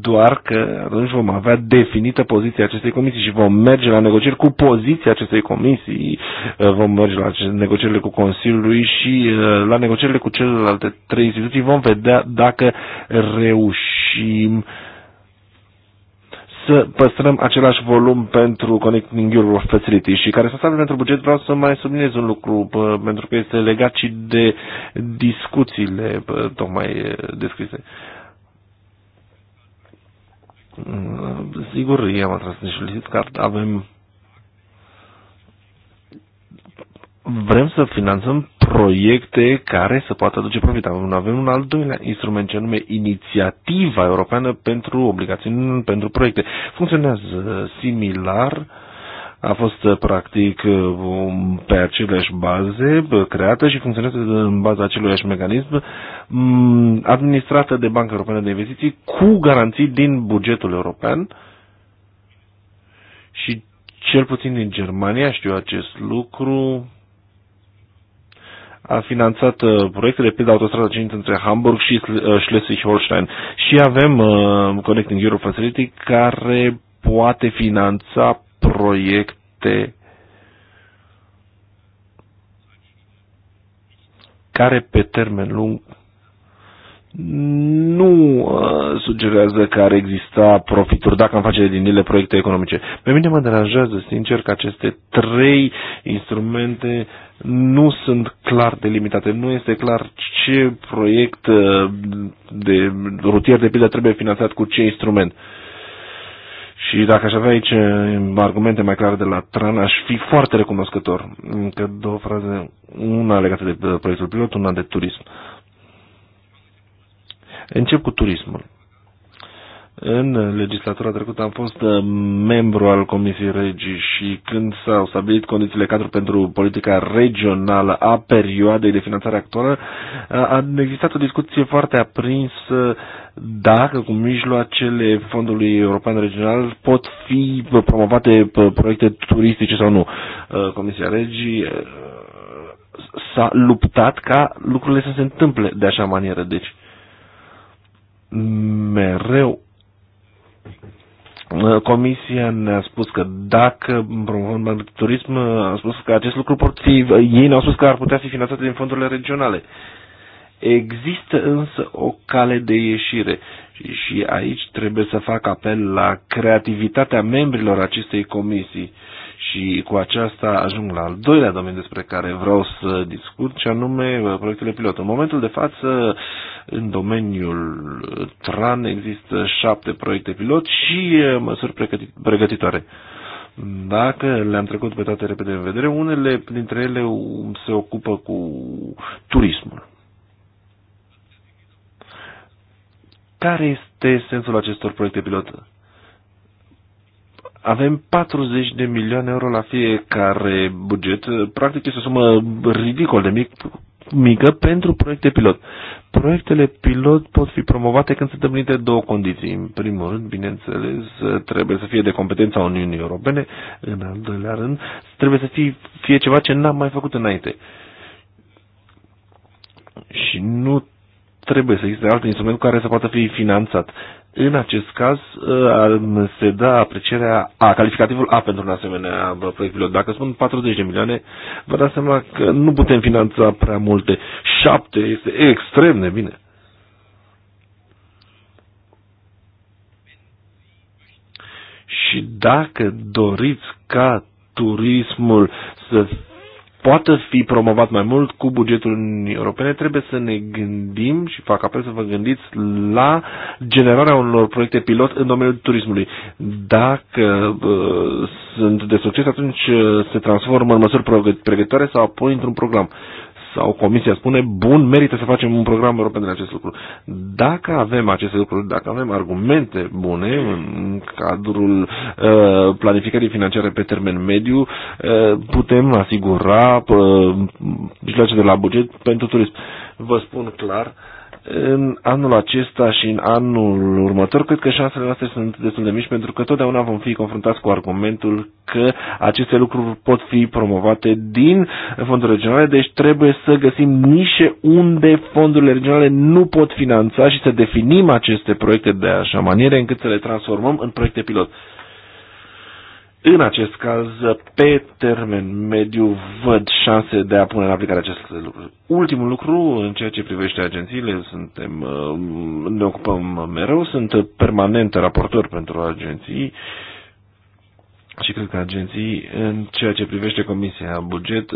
doar că atunci vom avea definită poziția acestei comisii și vom merge la negocieri cu poziția acestei comisii, uh, vom merge la negocierile cu Consiliului și uh, la negocierile cu celelalte trei instituții vom vedea dacă reușim să păstrăm același volum pentru Connecting Europe Facility și care sunt pentru buget vreau să mai subliniez un lucru pentru că este legat și de discuțiile tocmai descrise. Mm, sigur, i-am atras niște card, avem vrem să finanțăm proiecte care să poată aduce profit. Avem un al doilea instrument, ce anume Inițiativa Europeană pentru Obligațiuni pentru Proiecte. Funcționează similar a fost uh, practic uh, pe aceleași baze uh, creată și funcționează în baza aceluiași mecanism mm, administrată de Banca Europeană de Investiții cu garanții din bugetul european și cel puțin din Germania știu acest lucru a finanțat uh, proiecte de pildă autostrada 5 între Hamburg și uh, Schleswig-Holstein și avem uh, Connecting Europe Facility care poate finanța proiecte care pe termen lung nu uh, sugerează că ar exista profituri dacă am face din ele proiecte economice. Pe mine mă deranjează, sincer, că aceste trei instrumente nu sunt clar delimitate. Nu este clar ce proiect uh, de rutier de pildă trebuie finanțat cu ce instrument. Și dacă aș avea aici uh, argumente mai clare de la Tran, aș fi foarte recunoscător. Încă două fraze, una legată de proiectul pilot, una de turism. Uh, Încep cu turismul. În legislatura trecută am fost uh, membru al Comisiei Regii și când s-au stabilit condițiile cadru pentru politica regională a perioadei de finanțare actuală, a existat o discuție foarte aprinsă dacă cu mijloacele Fondului European Regional pot fi promovate uh, proiecte turistice sau nu. Uh, Comisia Regii s-a luptat ca lucrurile să se întâmple de așa manieră. Deci, mereu Comisia ne-a spus că dacă promovăm turism, a spus că acest lucru pot fi, ei ne-au spus că ar putea fi finanțate din fondurile regionale. Există însă o cale de ieșire și, și aici trebuie să fac apel la creativitatea membrilor acestei comisii. Uh, și cu aceasta ajung la al doilea domeniu despre care vreau să discut, și anume uh, proiectele pilot. În momentul de față, în domeniul TRAN există șapte proiecte pilot și uh, măsuri pregătitoare dacă le-am trecut pe toate repede în vedere, unele dintre ele um, se ocupă cu turismul. Care este sensul acestor proiecte pilot? Avem 40 de milioane euro la fiecare buget. Practic este o sumă ridicol de mic, mică pentru proiecte pilot. Proiectele pilot pot fi promovate când se întâmplă două condiții. În primul rând, bineînțeles, trebuie să fie de competența Uniunii Europene. În al doilea rând, trebuie să fie, fie ceva ce n-am mai făcut înainte. Și nu trebuie să existe alt instrument care să poată fi finanțat. În acest caz uh, se dă da aprecierea a calificativul A pentru un asemenea uh, proiect pilot. Dacă spun 40 de milioane, vă dați seama că nu putem finanța prea multe. 7 este extrem de bine. Și dacă doriți ca turismul să poată fi promovat mai mult cu bugetul Uniunii Europene, trebuie să ne gândim și fac apel să vă gândiți la generarea unor proiecte pilot în domeniul turismului. Dacă uh, sunt de succes, atunci uh, se transformă în măsuri pregătitoare sau apoi într-un program. Uh, sau Comisia spune, bun, merită să facem un program european de acest lucru. Dacă avem aceste lucruri, dacă avem argumente bune în cadrul uh, planificării financiare pe termen mediu, uh, putem asigura uh, mijloace de la buget pentru turism. Vă spun clar, uh, în anul acesta și în anul următor, cred că șansele noastre sunt destul de mici, pentru că totdeauna vom fi confruntați cu argumentul că aceste lucruri pot fi promovate din fonduri regionale, deci trebuie să găsim nișe unde fondurile regionale nu pot finanța și să definim aceste proiecte de așa manieră încât să le transformăm în proiecte pilot. În acest caz, pe termen mediu, văd șanse de a pune în aplicare aceste lucruri. Ultimul lucru, în ceea ce privește agențiile, suntem, uh, ne ocupăm mereu, sunt permanent raportor pentru agenții și cred că agenții, în ceea ce privește Comisia Buget,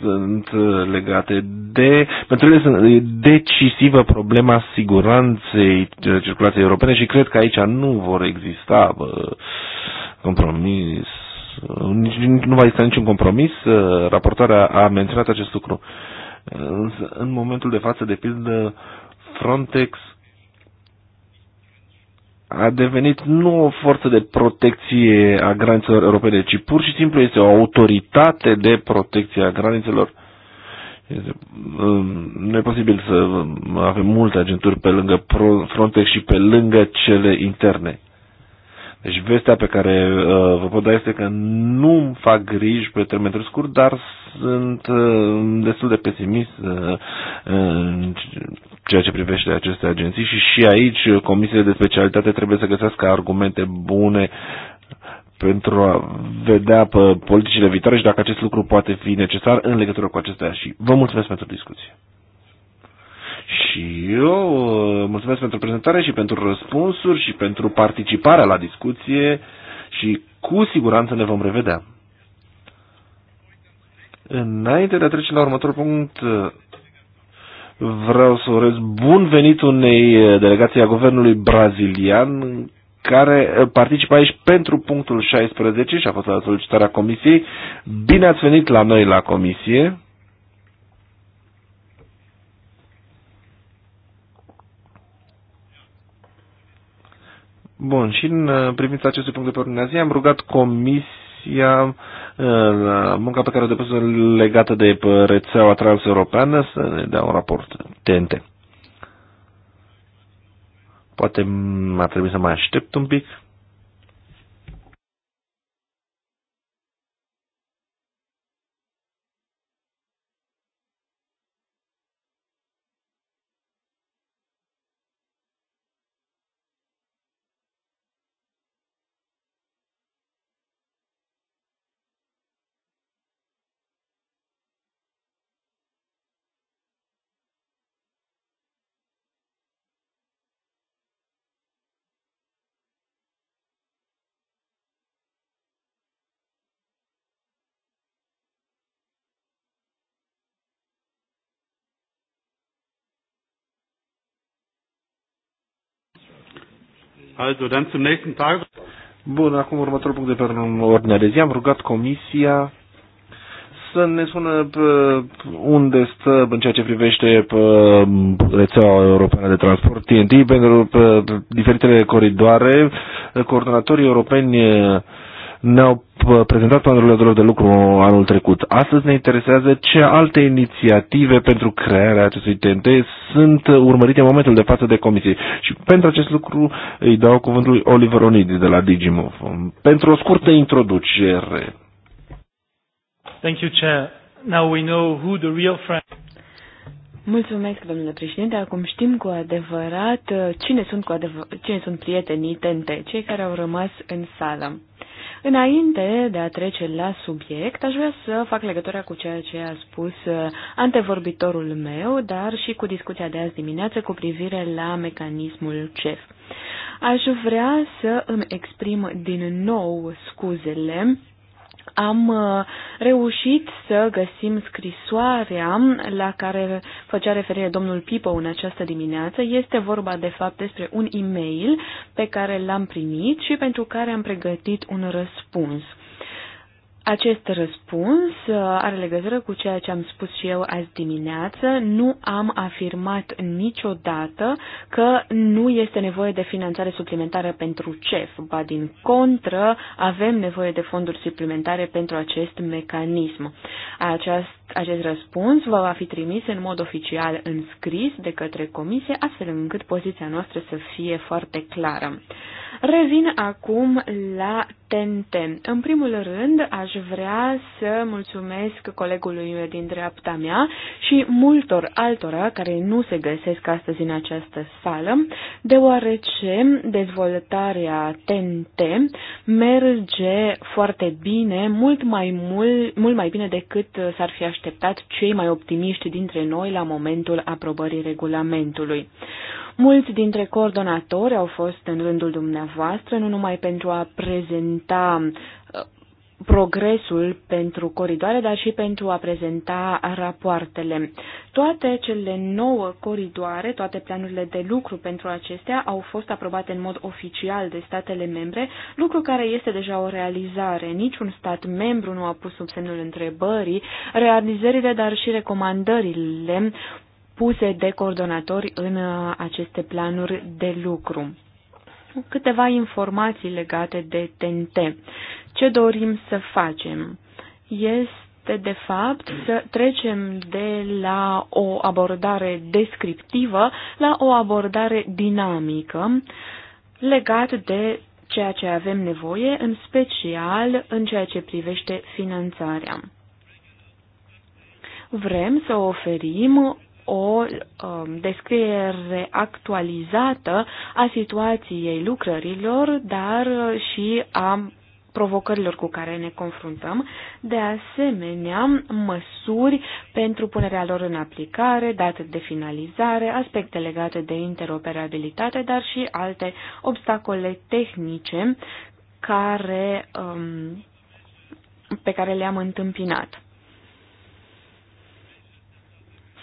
sunt legate de, pentru ele sunt decisivă problema siguranței circulației europene și cred că aici nu vor exista bă, compromis, nu va exista niciun compromis, uh, raportarea a menționat acest lucru. Însă, în momentul de față, de pildă, Frontex a devenit nu o forță de protecție a granițelor europene, ci pur și simplu este o autoritate de protecție a granițelor. Este, um, nu e posibil să avem multe agenturi pe lângă Frontex și pe lângă cele interne. Deci vestea pe care uh, vă pot da este că nu fac griji pe termen scurt, dar sunt uh, destul de pesimist uh, în ceea ce privește aceste agenții și și aici comisiile de specialitate trebuie să găsească argumente bune pentru a vedea pe politicile viitoare și dacă acest lucru poate fi necesar în legătură cu acestea și vă mulțumesc pentru discuție. Și eu uh, mulțumesc pentru prezentare și pentru răspunsuri și pentru participarea la discuție și cu siguranță ne vom revedea. Înainte de a trece la următorul punct, vreau să urez bun venit unei uh, delegații a guvernului brazilian care uh, participă aici pentru punctul 16 și a fost la solicitarea comisiei. Bine ați venit la noi la comisie. Bun, și în uh, privința acestui punct de pe ordinea zi am rugat comisia uh, munca pe care o depusă legată de rețeaua transeuropeană să ne dea un raport TNT. Poate ar trebui să mai aștept un pic. Also, dann zum nächsten Tag. Bun, acum următorul punct de pe ordinea de zi. Am rugat comisia să ne spună pe unde stă în ceea ce privește pe rețeaua europeană de transport TNT pentru pe diferitele coridoare. Coordonatorii europeni ne-au uh, prezentat planurile lor de lucru anul trecut. Astăzi ne interesează ce alte inițiative pentru crearea acestui TNT sunt urmărite în momentul de față de comisie. Și pentru acest lucru îi dau cuvântul lui Oliver Onidi de la Digimove. Pentru o scurtă introducere. Thank you, Chair. Now we know who the real friend... Mulțumesc, domnule președinte. Acum știm cu adevărat uh, cine sunt, cu adevăr- cine sunt prietenii TNT, cei care au rămas în sală. Înainte de a trece la subiect, aș vrea să fac legătura cu ceea ce a spus uh, antevorbitorul meu, dar și cu discuția de azi dimineață cu privire la mecanismul CEF. Aș vrea să îmi exprim din nou scuzele am uh, reușit să găsim scrisoarea la care făcea referire domnul Pipo în această dimineață. Este vorba, de fapt, despre un e-mail pe care l-am primit și pentru care am pregătit un răspuns. Acest răspuns uh, are legătură cu ceea ce am spus și eu azi dimineață. Nu am afirmat niciodată că nu este nevoie de finanțare suplimentară pentru CEF. Ba din contră, avem nevoie de fonduri suplimentare pentru acest mecanism. Această acest răspuns vă va fi trimis în mod oficial în scris de către comisie, astfel încât poziția noastră să fie foarte clară. Revin acum la tente. În primul rând, aș vrea să mulțumesc colegului din dreapta mea și multor altora care nu se găsesc astăzi în această sală, deoarece dezvoltarea TNT merge foarte bine, mult mai, mult, mult mai bine decât s-ar fi așteptat așteptat cei mai optimiști dintre noi la momentul aprobării regulamentului. Mulți dintre coordonatori au fost în rândul dumneavoastră, nu numai pentru a prezenta progresul pentru coridoare, dar și pentru a prezenta rapoartele. Toate cele nouă coridoare, toate planurile de lucru pentru acestea au fost aprobate în mod oficial de statele membre, lucru care este deja o realizare. Niciun stat membru nu a pus sub semnul întrebării realizările, dar și recomandările puse de coordonatori în uh, aceste planuri de lucru câteva informații legate de TNT. Ce dorim să facem? Este, de fapt, să trecem de la o abordare descriptivă la o abordare dinamică legat de ceea ce avem nevoie, în special în ceea ce privește finanțarea. Vrem să oferim o um, descriere actualizată a situației lucrărilor, dar și a provocărilor cu care ne confruntăm, de asemenea măsuri pentru punerea lor în aplicare, date de finalizare, aspecte legate de interoperabilitate, dar și alte obstacole tehnice care, um, pe care le-am întâmpinat.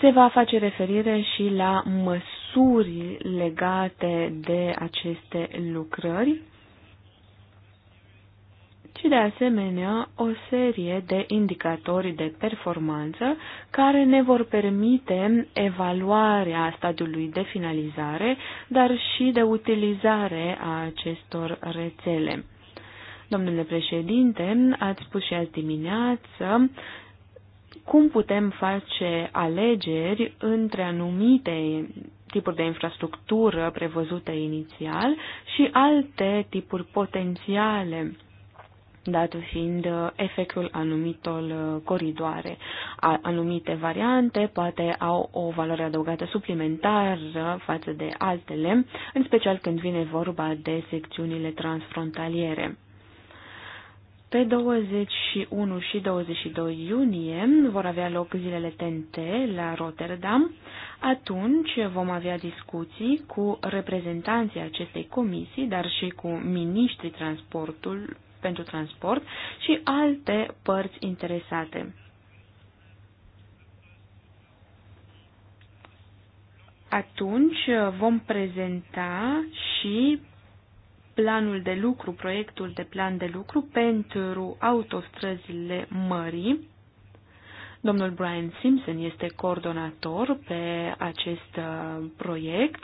Se va face referire și la măsuri legate de aceste lucrări ci de asemenea o serie de indicatori de performanță care ne vor permite evaluarea stadiului de finalizare, dar și de utilizare a acestor rețele. Domnule președinte, ați spus și azi dimineață cum putem face alegeri între anumite tipuri de infrastructură prevăzute inițial și alte tipuri potențiale dat fiind uh, efectul anumitor uh, coridoare. Anumite variante poate au o valoare adăugată suplimentară față de altele, în special când vine vorba de secțiunile transfrontaliere. Pe 21 și 22 iunie vor avea loc zilele TNT la Rotterdam. Atunci vom avea discuții cu reprezentanții acestei comisii, dar și cu miniștrii transportul, pentru transport și alte părți interesate. Atunci vom prezenta și planul de lucru, proiectul de plan de lucru pentru autostrăzile mării. Domnul Brian Simpson este coordonator pe acest uh, proiect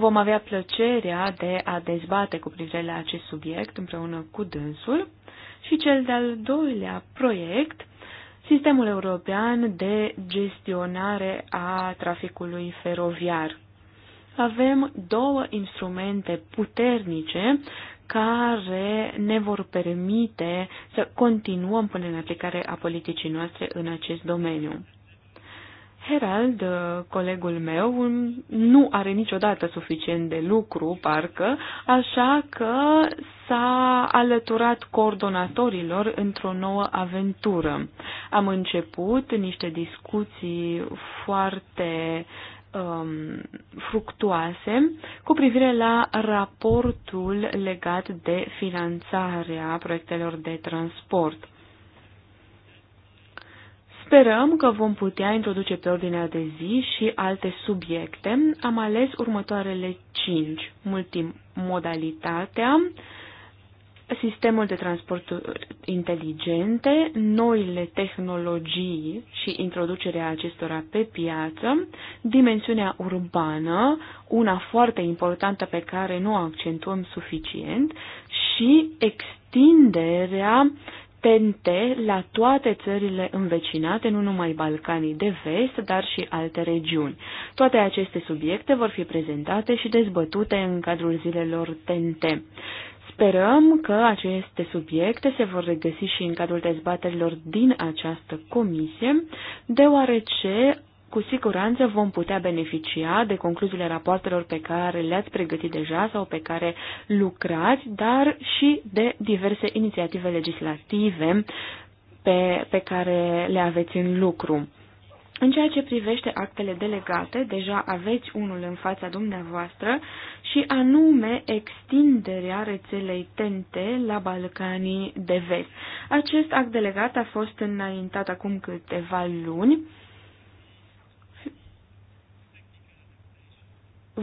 Vom avea plăcerea de a dezbate cu privire la acest subiect împreună cu dânsul și cel de-al doilea proiect, Sistemul European de Gestionare a Traficului Feroviar. Avem două instrumente puternice care ne vor permite să continuăm până în aplicare a politicii noastre în acest domeniu. Herald, uh, colegul meu, nu are niciodată suficient de lucru, parcă, așa că s-a alăturat coordonatorilor într-o nouă aventură. Am început niște discuții foarte um, fructuoase cu privire la raportul legat de finanțarea proiectelor de transport. Sperăm că vom putea introduce pe ordinea de zi și alte subiecte. Am ales următoarele cinci. Multimodalitatea, sistemul de transport inteligente, noile tehnologii și introducerea acestora pe piață, dimensiunea urbană, una foarte importantă pe care nu o accentuăm suficient, și extinderea atente la toate țările învecinate, nu numai Balcanii de vest, dar și alte regiuni. Toate aceste subiecte vor fi prezentate și dezbătute în cadrul zilelor TNT. Sperăm că aceste subiecte se vor regăsi și în cadrul dezbaterilor din această comisie, deoarece cu siguranță vom putea beneficia de concluziile rapoartelor pe care le-ați pregătit deja sau pe care lucrați, dar și de diverse inițiative legislative pe, pe care le aveți în lucru. În ceea ce privește actele delegate, deja aveți unul în fața dumneavoastră și anume extinderea rețelei TNT la Balcanii de Vest. Acest act delegat a fost înaintat acum câteva luni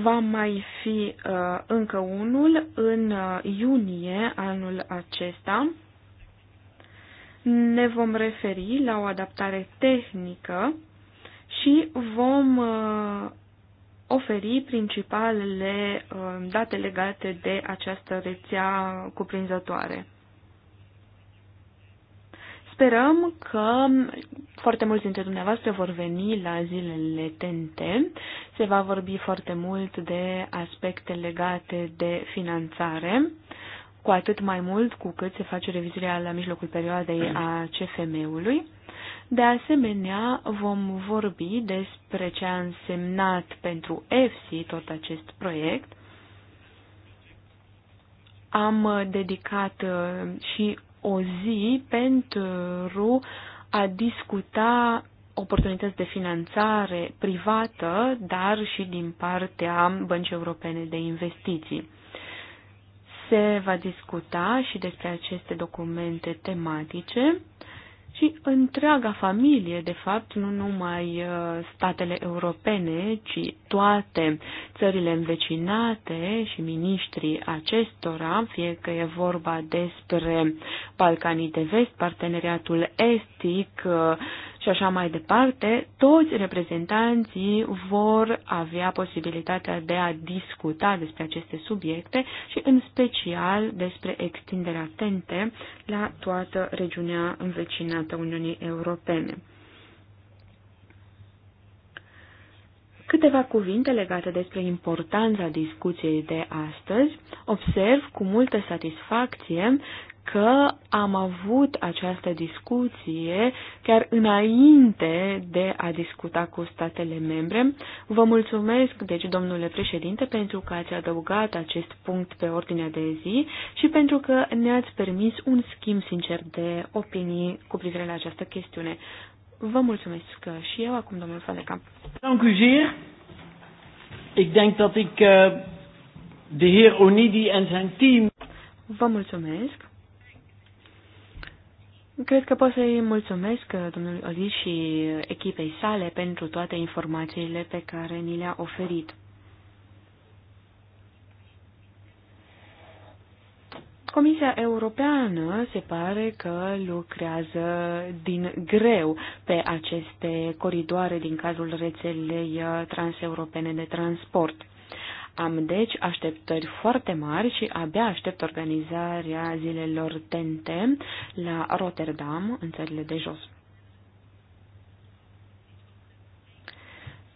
Va mai fi uh, încă unul în uh, iunie anul acesta. Ne vom referi la o adaptare tehnică și vom uh, oferi principalele uh, date legate de această rețea cuprinzătoare. Sperăm că foarte mulți dintre dumneavoastră vor veni la zilele TNT. Se va vorbi foarte mult de aspecte legate de finanțare, cu atât mai mult cu cât se face revizirea la mijlocul perioadei a CFM-ului. De asemenea, vom vorbi despre ce a însemnat pentru EFSI tot acest proiect. Am dedicat uh, și o zi pentru a discuta oportunități de finanțare privată, dar și din partea Băncii Europene de Investiții. Se va discuta și despre aceste documente tematice și întreaga familie, de fapt, nu numai uh, statele europene, ci toate țările învecinate și miniștrii acestora, fie că e vorba despre Balcanii de Vest, parteneriatul estic, uh, și așa mai departe, toți reprezentanții vor avea posibilitatea de a discuta despre aceste subiecte și în special despre extinderea tente la toată regiunea învecinată Uniunii Europene. Câteva cuvinte legate despre importanța discuției de astăzi. Observ cu multă satisfacție că am avut această discuție chiar înainte de a discuta cu statele membre. Vă mulțumesc, deci, domnule președinte, pentru că ați adăugat acest punct pe ordinea de zi și pentru că ne-ați permis un schimb sincer de opinii cu privire la această chestiune. Vă mulțumesc și eu acum, domnul Faneca. Dank u zeer. Ik denk dat ik uh, de heer Onidi en zijn team... Vă mulțumesc. Cred că pot să-i mulțumesc uh, domnului Oli și echipei sale pentru toate informațiile pe care ni le-a oferit. Comisia Europeană se pare că lucrează din greu pe aceste coridoare din cadrul rețelei uh, transeuropene de transport. Am deci așteptări foarte mari și abia aștept organizarea zilelor TNT la Rotterdam, în țările de jos.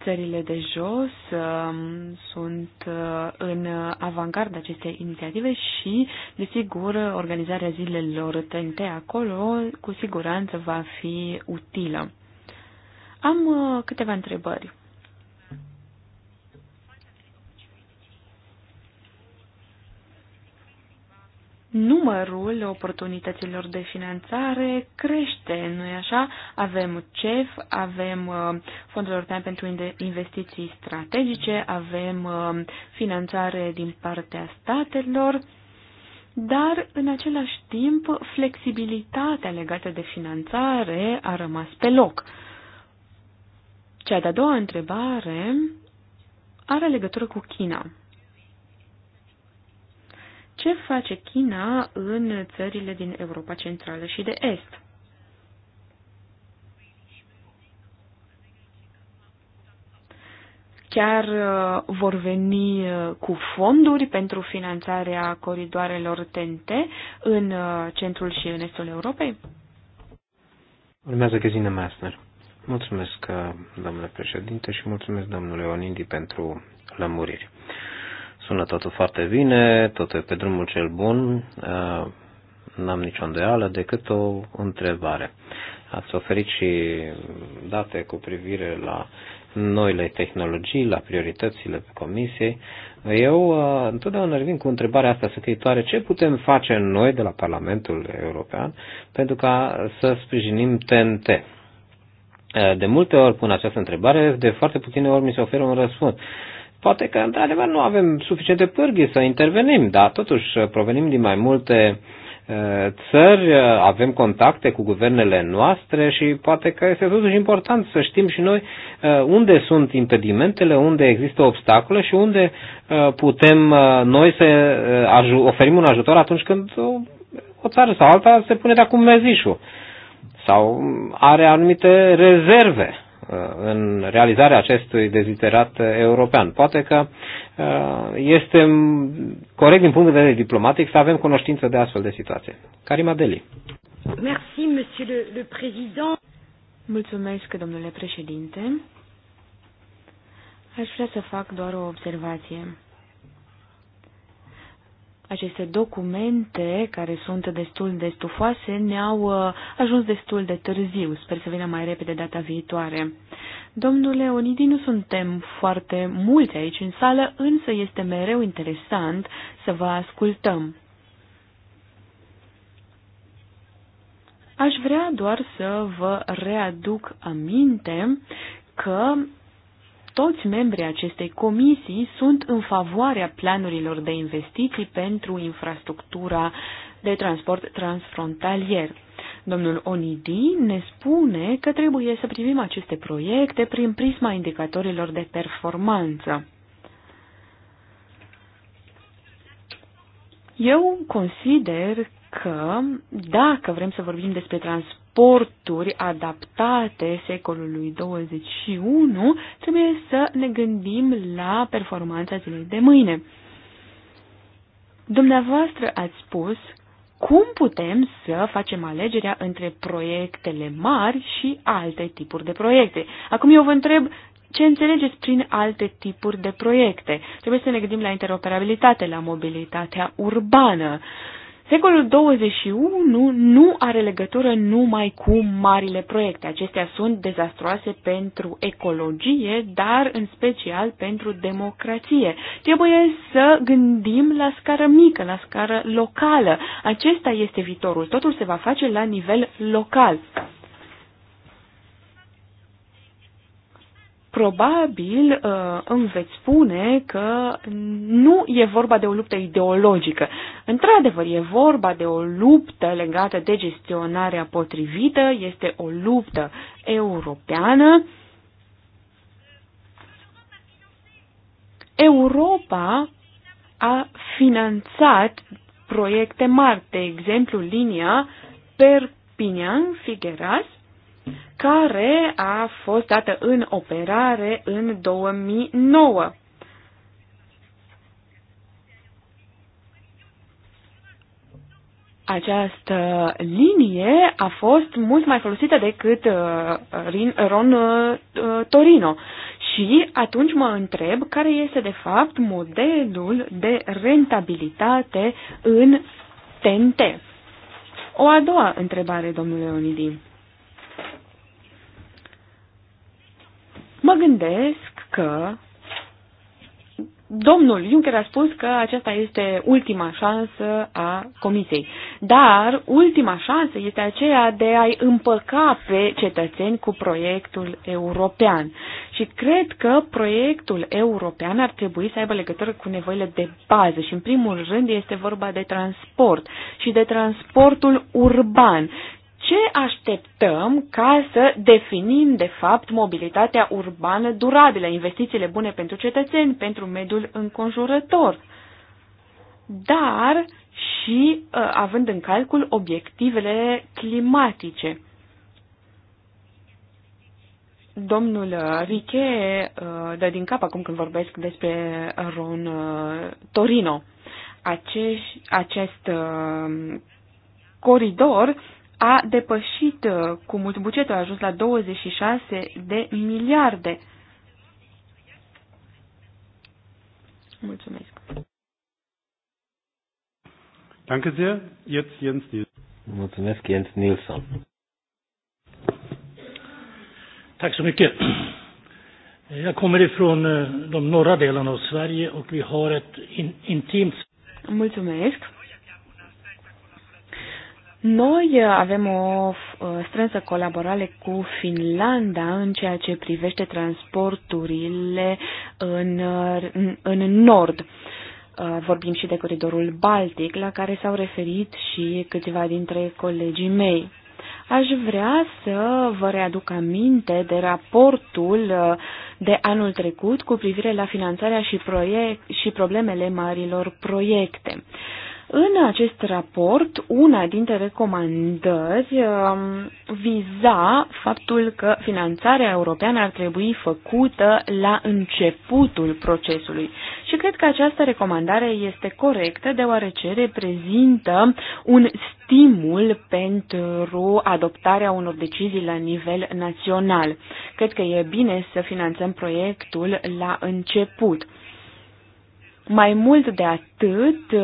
Țările de jos um, sunt uh, în avangarda acestei inițiative și, desigur, organizarea zilelor TNT acolo cu siguranță va fi utilă. Am uh, câteva întrebări. numărul oportunităților de finanțare crește, nu-i așa? Avem CEF, avem uh, Fondul European pentru Investiții Strategice, avem uh, finanțare din partea statelor, dar în același timp flexibilitatea legată de finanțare a rămas pe loc. Cea de-a doua întrebare are legătură cu China ce face China în țările din Europa Centrală și de Est. Chiar uh, vor veni uh, cu fonduri pentru finanțarea coridoarelor TNT în uh, centrul și în estul Europei? Urmează Gesine Masner. Mulțumesc, domnule președinte, și mulțumesc, domnule Onindi, pentru lămuriri sună totul foarte bine, totul e pe drumul cel bun, uh, n-am nicio îndoială decât o întrebare. Ați oferit și date cu privire la noile tehnologii, la prioritățile Comisiei. Eu uh, întotdeauna revin cu întrebarea asta săcăitoare, ce putem face noi de la Parlamentul European pentru ca să sprijinim TNT? Uh, de multe ori pun această întrebare, de foarte puține ori mi se oferă un răspuns. Poate că, într-adevăr, nu avem suficiente pârghii să intervenim, dar totuși provenim din mai multe țări, avem contacte cu guvernele noastre și poate că este totuși important să știm și noi unde sunt impedimentele, unde există obstacole și unde putem noi să oferim un ajutor atunci când o țară sau alta se pune de acum mezișul sau are anumite rezerve Uh, în realizarea acestui deziterat uh, european. Poate că uh, este corect din punct de vedere diplomatic să avem cunoștință de astfel de situație. Karima Deli. Merci, monsieur le, le président. Mulțumesc, domnule președinte. Aș vrea să fac doar o observație. Aceste documente, care sunt destul de stufoase, ne-au uh, ajuns destul de târziu. Sper să vină mai repede data viitoare. Domnule Onidi, nu suntem foarte mulți aici în sală, însă este mereu interesant să vă ascultăm. Aș vrea doar să vă readuc aminte că toți membrii acestei comisii sunt în favoarea planurilor de investiții pentru infrastructura de transport transfrontalier. Domnul Onidi ne spune că trebuie să privim aceste proiecte prin prisma indicatorilor de performanță. Eu consider că dacă vrem să vorbim despre trans porturi adaptate secolului 21, trebuie să ne gândim la performanța zilei de mâine. Dumneavoastră ați spus cum putem să facem alegerea între proiectele mari și alte tipuri de proiecte. Acum eu vă întreb ce înțelegeți prin alte tipuri de proiecte. Trebuie să ne gândim la interoperabilitate, la mobilitatea urbană. Uh, Secolul 21 nu are legătură numai cu marile proiecte. Acestea sunt dezastroase pentru ecologie, dar în special pentru democrație. Trebuie să gândim la scară mică, la scară locală. Acesta este viitorul. Totul se va face la nivel local. probabil uh, îmi veți spune că nu e vorba de o luptă ideologică. Într-adevăr, e vorba de o luptă legată de gestionarea potrivită, este o luptă europeană. Europa a finanțat proiecte mari, de exemplu linia Perpignan-Figueras, care a fost dată în operare în 2009. această linie a fost mult mai folosită decât uh, Ron uh, Torino. Și atunci mă întreb care este de fapt modelul de rentabilitate în TNT. O a doua întrebare, domnule Onidin. Mă gândesc că domnul Juncker a spus că aceasta este ultima șansă a Comisiei. Dar ultima șansă este aceea de a-i împăca pe cetățeni cu proiectul european. Și cred că proiectul european ar trebui să aibă legătură cu nevoile de bază și în primul rând este vorba de transport și de transportul urban ce așteptăm ca să definim, de fapt, mobilitatea urbană durabilă, investițiile bune pentru cetățeni, pentru mediul înconjurător, dar și uh, având în calcul obiectivele climatice. Domnul Riche uh, dă din cap acum când vorbesc despre Ron uh, Torino. Acești, acest coridor a depășit uh, cu mult bugetul, a ajuns la 26 de miliarde. Mulțumesc. Danke sehr. Jetzt Jens Nielsen. Mulțumesc, Jens Nilsson. Tack så mycket. Jag kommer ifrån eh, de norra delarna av Sverige och vi har ett in intimt... Mulțumesc. Noi uh, avem o uh, strânsă colaborare cu Finlanda în ceea ce privește transporturile în, uh, în, în nord. Vorbim și de coridorul Baltic, la care s-au referit și câțiva dintre colegii mei. Aș vrea să vă readuc aminte de raportul de anul trecut cu privire la finanțarea și, proiect, și problemele marilor proiecte. Uh, în acest raport, una dintre recomandări um, viza faptul că finanțarea europeană ar trebui făcută la începutul procesului. Și cred că această recomandare este corectă deoarece reprezintă un stimul pentru adoptarea unor decizii la nivel național. Cred că e bine să finanțăm proiectul la început. Mai mult de atât, uh,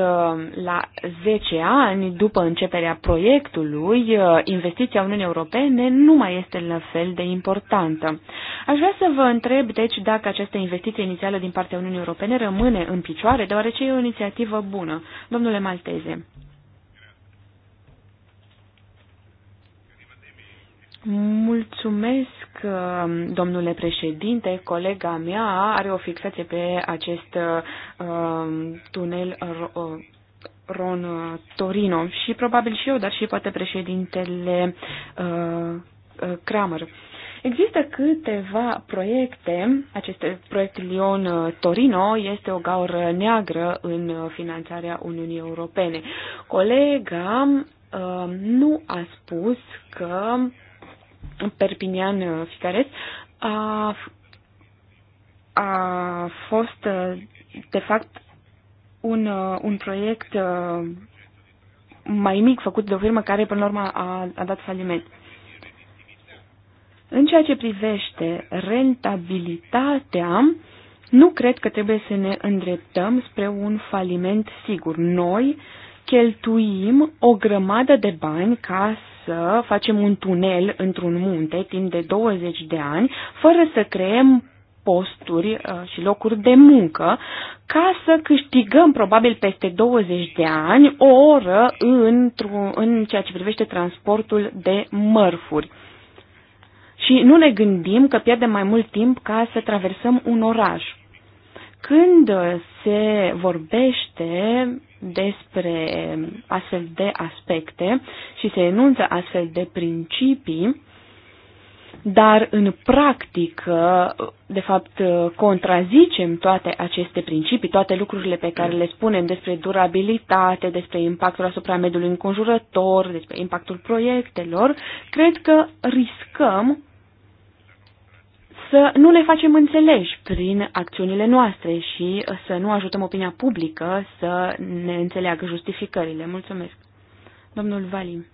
la 10 ani după începerea proiectului, uh, investiția Uniunii Europene nu mai este la fel de importantă. Aș vrea să vă întreb, deci, dacă această investiție inițială din partea Uniunii Europene rămâne în picioare, deoarece e o inițiativă bună. Domnule Malteze. Mulțumesc, uh, domnule președinte. Colega mea are o fixație pe acest uh, tunel uh, Ron-Torino uh, și probabil și eu, dar și poate președintele uh, uh Kramer. Există câteva proiecte, acest proiect Lyon-Torino este o gaură neagră în finanțarea Uniunii Europene. Colega uh, nu a spus că uh, Perpignan uh, Ficares, a, a fost, uh, de fapt, un, uh, un proiect mai mic făcut de o firmă care, până la urmă, a, a dat faliment. În ceea ce privește rentabilitatea, nu cred că trebuie să ne îndreptăm spre un faliment sigur. Noi cheltuim o grămadă de bani ca să facem un tunel într-un munte timp de 20 de ani, fără să creăm posturi uh, și locuri de muncă ca să câștigăm probabil peste 20 de ani o oră în ceea ce privește transportul de mărfuri. Și nu ne gândim că pierdem mai mult timp ca să traversăm un oraș. Când se vorbește despre astfel de aspecte și se enunță astfel de principii, dar în practică, de fapt, contrazicem toate aceste principii, toate lucrurile pe care le spunem despre durabilitate, despre impactul asupra mediului înconjurător, despre impactul proiectelor, cred că riscăm să nu le facem înțeleși prin acțiunile noastre și să nu ajutăm opinia publică să ne înțeleagă justificările. Mulțumesc. Domnul Valim.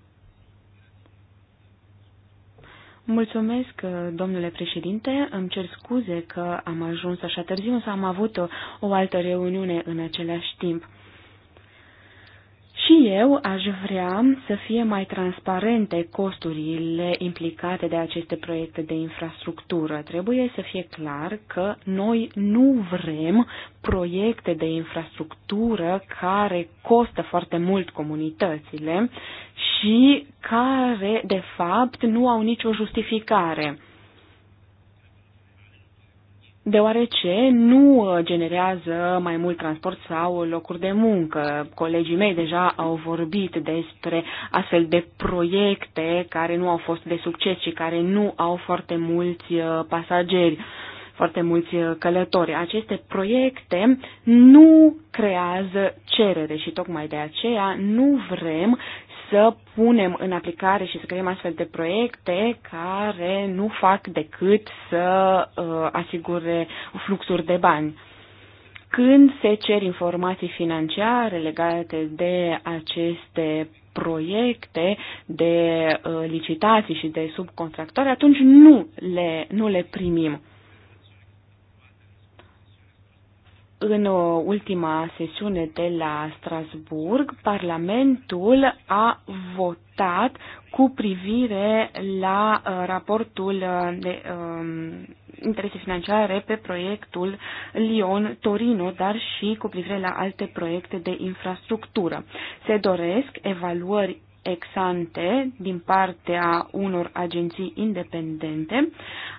Mulțumesc, domnule președinte. Îmi cer scuze că am ajuns așa târziu, însă am avut o altă reuniune în același timp. Și eu aș vrea să fie mai transparente costurile implicate de aceste proiecte de infrastructură. Trebuie să fie clar că noi nu vrem proiecte de infrastructură care costă foarte mult comunitățile și care, de fapt, nu au nicio justificare deoarece nu uh, generează mai mult transport sau locuri de muncă. Colegii mei deja au vorbit despre astfel de proiecte care nu au fost de succes și care nu au foarte mulți uh, pasageri foarte mulți uh, călători. Aceste proiecte nu creează cerere și tocmai de aceea nu vrem să punem în aplicare și să creăm astfel de proiecte care nu fac decât să uh, asigure fluxuri de bani. Când se cer informații financiare legate de aceste proiecte de uh, licitații și de subcontractare, atunci nu le, nu le primim. În uh, ultima sesiune de la Strasburg, Parlamentul a votat cu privire la uh, raportul uh, de um, interese financiare pe proiectul Lyon-Torino, dar și cu privire la alte proiecte de infrastructură. Se doresc evaluări exante din partea unor agenții independente,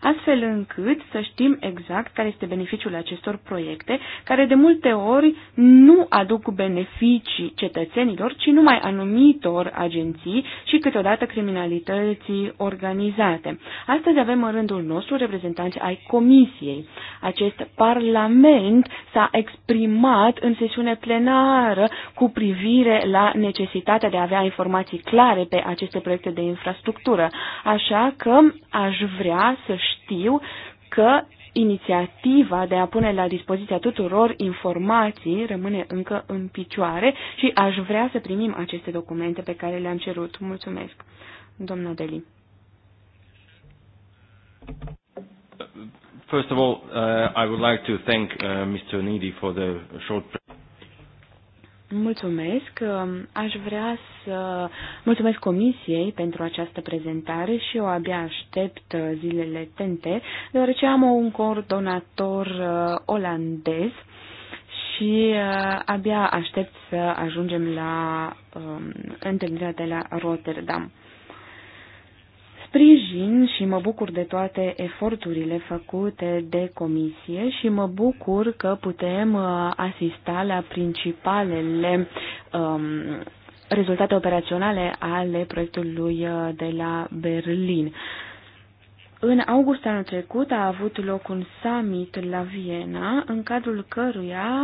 astfel încât să știm exact care este beneficiul acestor proiecte, care de multe ori nu aduc beneficii cetățenilor, ci numai anumitor agenții și câteodată criminalității organizate. Astăzi avem în rândul nostru reprezentanți ai Comisiei. Acest Parlament s-a exprimat în sesiune plenară cu privire la necesitatea de a avea informații informații clare pe aceste proiecte de infrastructură. Așa că aș vrea să știu că inițiativa de a pune la dispoziția tuturor informații rămâne încă în picioare și aș vrea să primim aceste documente pe care le-am cerut. Mulțumesc, doamna Deli. First of all, uh, I would like to thank uh, Mr. Needy for the short Mulțumesc. Um, aș vrea să mulțumesc Comisiei pentru această prezentare și eu abia aștept uh, zilele tente, deoarece am un coordonator uh, olandez și uh, abia aștept să ajungem la um, întâlnirea de la Rotterdam. Sprijin și mă bucur de toate eforturile făcute de comisie și mă bucur că putem uh, asista la principalele um, rezultate operaționale ale proiectului uh, de la Berlin. Uh, în august anul trecut a avut loc un summit la Viena, în cadrul căruia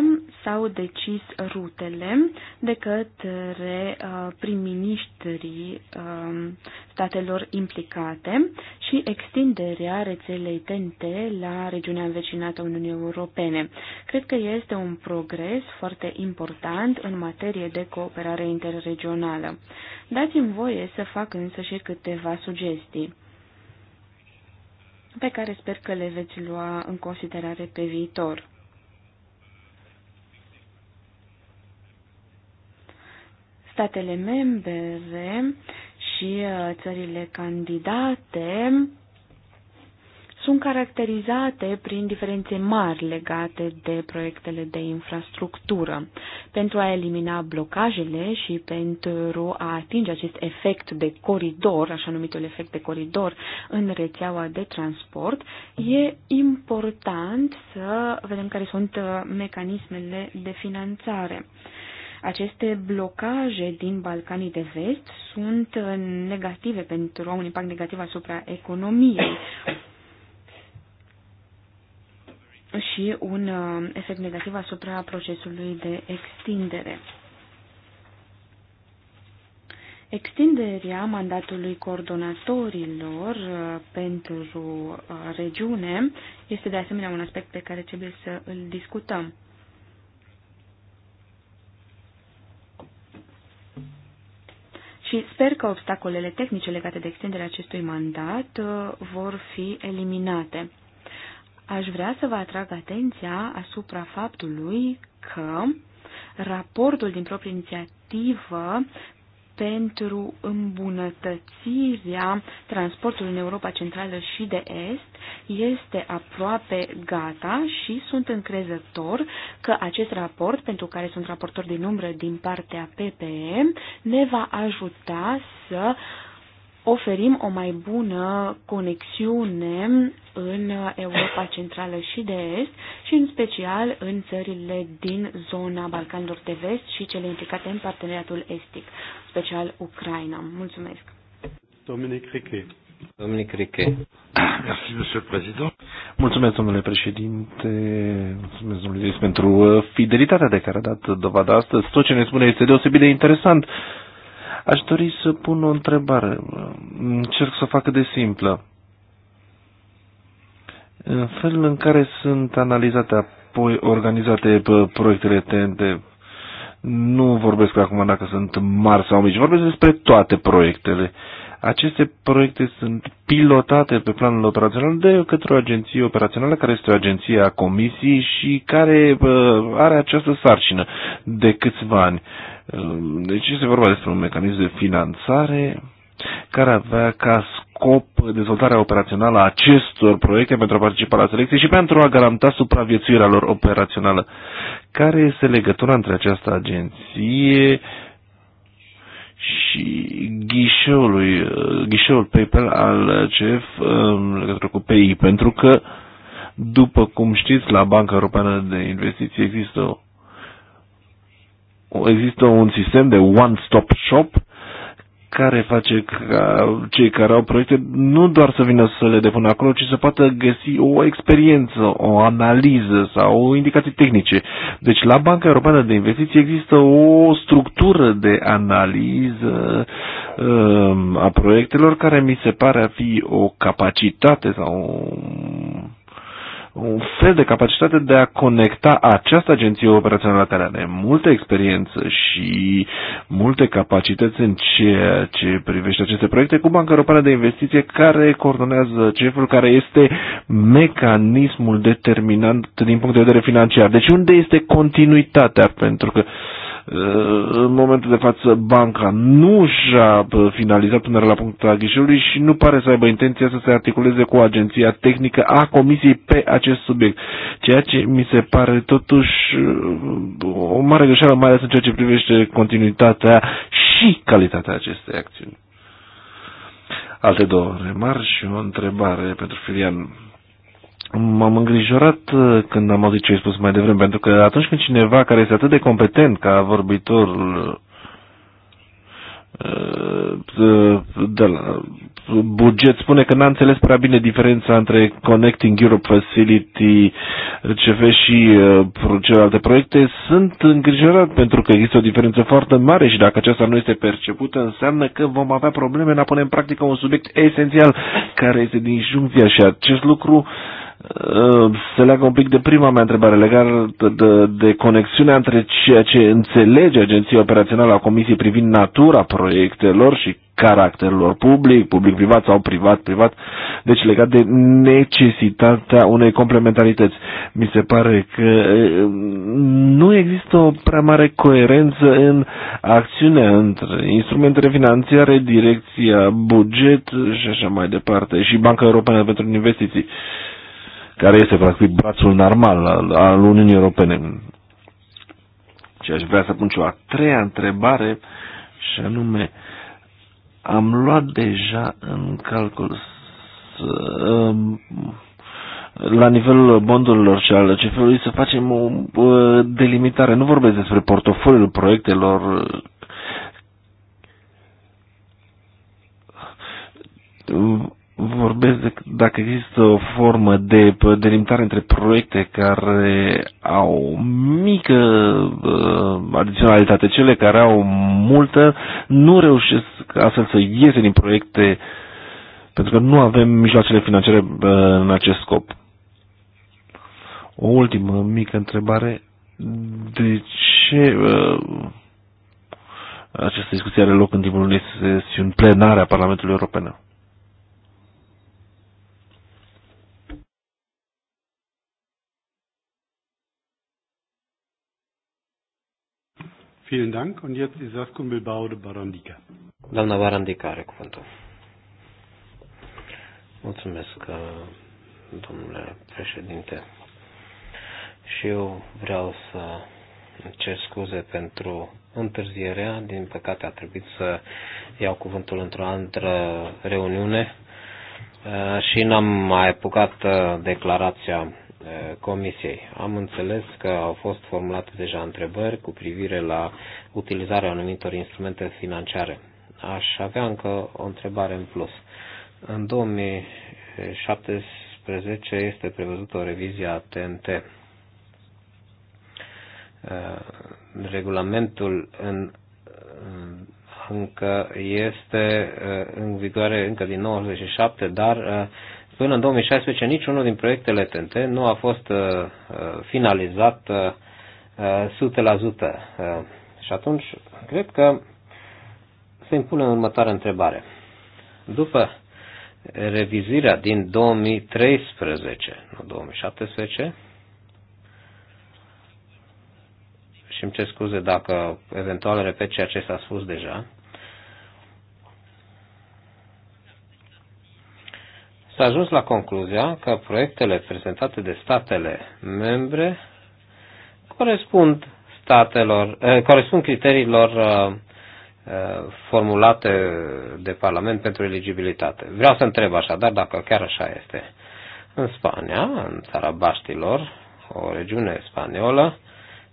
s-au decis rutele de către uh, prim-ministrii um, statelor implicate și extinderea rețelei TNT la regiunea învecinată Uniunii Europene. Cred că este un progres foarte important în materie de cooperare interregională. Dați-mi voie să fac însă și câteva sugestii pe care sper că le veți lua în considerare pe viitor. Statele membre și uh, țările candidate sunt caracterizate prin diferențe mari legate de proiectele de infrastructură. Pentru a elimina blocajele și pentru a atinge acest efect de coridor, așa numitul efect de coridor în rețeaua de transport, e important să vedem care sunt uh, mecanismele de finanțare. Aceste blocaje din Balcanii de Vest sunt uh, negative pentru, au un impact negativ asupra economiei și un uh, efect negativ asupra procesului de extindere. Extinderea mandatului coordonatorilor uh, pentru uh, regiune este de asemenea un aspect pe care trebuie să îl discutăm. Și sper că obstacolele tehnice legate de extinderea acestui mandat vor fi eliminate aș vrea să vă atrag atenția asupra faptului că raportul din proprie inițiativă pentru îmbunătățirea transportului în Europa Centrală și de Est este aproape gata și sunt încrezător că acest raport, pentru care sunt raportor din umbră din partea PPM, ne va ajuta să uh, oferim o mai bună conexiune în Europa Centrală și de Est și în special în țările din zona Balcanilor de Vest și cele implicate în parteneriatul estic, special Ucraina. Mulțumesc! Dominic Riche. Dominic Riche. Merci, monsieur président. Mulțumesc, domnule președinte, mulțumesc, domnule pentru uh, fidelitatea de care a dat dovada astăzi. Tot ce ne spune este deosebit de interesant. Aș dori să pun o întrebare. Încerc să o fac de simplă. În felul în care sunt analizate apoi organizate proiectele TNT, nu vorbesc acum dacă sunt mari sau mici, vorbesc despre toate proiectele. Uh, aceste proiecte sunt pilotate pe planul operațional de către o agenție operațională care este o agenție a comisiei și care are această sarcină de câțiva ani. Deci este vorba despre un mecanism de finanțare care avea ca scop dezvoltarea operațională a acestor proiecte pentru a participa la selecție și pentru a garanta supraviețuirea lor operațională. Care este legătura între această agenție și ghișeului, uh, ghișeul PayPal al CF um, în legătură cu PI, pentru că, după cum știți, la Banca Europeană de Investiții există, există un sistem de one-stop shop care face ca cei care au proiecte nu doar să vină să le depună acolo, ci să poată găsi o experiență, o analiză sau o indicații tehnice. Deci la Banca Europeană de Investiții există o structură de analiză um, a proiectelor care mi se pare a fi o capacitate sau un fel de capacitate de a conecta această agenție operațională care are multă experiență și multe capacități în ceea ce privește aceste proiecte cu Banca Europeană de Investiție care coordonează ceful care este mecanismul determinant din punct de vedere financiar. Deci unde este continuitatea? Pentru că uh, Eh, în momentul de față, banca nu și-a eh, finalizat punerea la punctul aghișului și nu pare să aibă intenția să se articuleze cu agenția tehnică a Comisiei pe acest subiect, ceea ce mi se pare totuși eh, o mare greșeală, mai ales în ceea ce privește continuitatea și calitatea acestei acțiuni. Alte două remarci și o întrebare pentru Filian. M-am îngrijorat uh, când am auzit ce ai spus mai devreme, pentru că atunci când cineva care este atât de competent ca vorbitorul uh, uh, de la buget spune că n-a înțeles prea bine diferența între Connecting Europe Facility, CV și celelalte proiecte, sunt îngrijorat pentru că există o diferență foarte mare și dacă aceasta nu este percepută, înseamnă că vom avea probleme în a pune în practică un subiect esențial care este din juncția și acest lucru uh, Uh, se leagă un pic de prima mea întrebare legată de, de conexiunea între ceea ce înțelege Agenția Operațională a Comisiei privind natura proiectelor și caracterul public, public-privat sau privat-privat, deci legat de necesitatea unei complementarități. Mi se pare că uh, nu există o prea mare coerență în acțiunea între instrumentele financiare, direcția buget și așa mai departe, și Banca Europeană pentru Investiții. Uh, care este practic brațul normal al, al Uniunii Europene. Și aș vrea să pun și o a treia întrebare, și anume, am luat deja în calcul să, um, la nivelul bondurilor și al CFR-ului să facem o delimitare. Nu vorbesc despre portofoliul proiectelor vorbesc de, dacă există o formă de delimitare între proiecte care au mică uh, adiționalitate, cele care au multă, nu reușesc astfel să iese din proiecte pentru că nu avem mijloacele financiare uh, în acest scop. O ultimă mică întrebare. De ce uh, această discuție are loc în timpul unei sesiuni plenare a Parlamentului European? Vielen Dank. Und jetzt ist Saskum Bilbao de Barandica. Doamna Barandica are cuvântul. Mulțumesc, uh, domnule președinte. Și eu vreau să cer scuze pentru întârzierea. Din păcate a trebuit să iau cuvântul într-o altă reuniune uh, și n-am mai apucat uh, declarația Eh, comisiei. Am înțeles că au fost formulate deja întrebări cu privire la utilizarea anumitor instrumente financiare. Aș avea încă o întrebare în plus. În 2017 este prevăzută o revizie a TNT. Eh, regulamentul în, încă este eh, în vigoare încă din 97, dar până în 2016 niciunul din proiectele TNT nu a fost uh, uh finalizat uh, 100%. Uh, uh, și atunci, cred că se impune următoarea întrebare. După revizirea din 2013, nu 2017, și îmi cer scuze dacă eventual repet ceea ce s-a spus deja, S-a ajuns la concluzia că proiectele prezentate de statele membre corespund statelor, eh, corespund criteriilor eh, eh formulate de Parlament pentru eligibilitate. Vreau să întreb așa, dar dacă chiar așa este. În Spania, în țara Baștilor, o regiune spaniolă,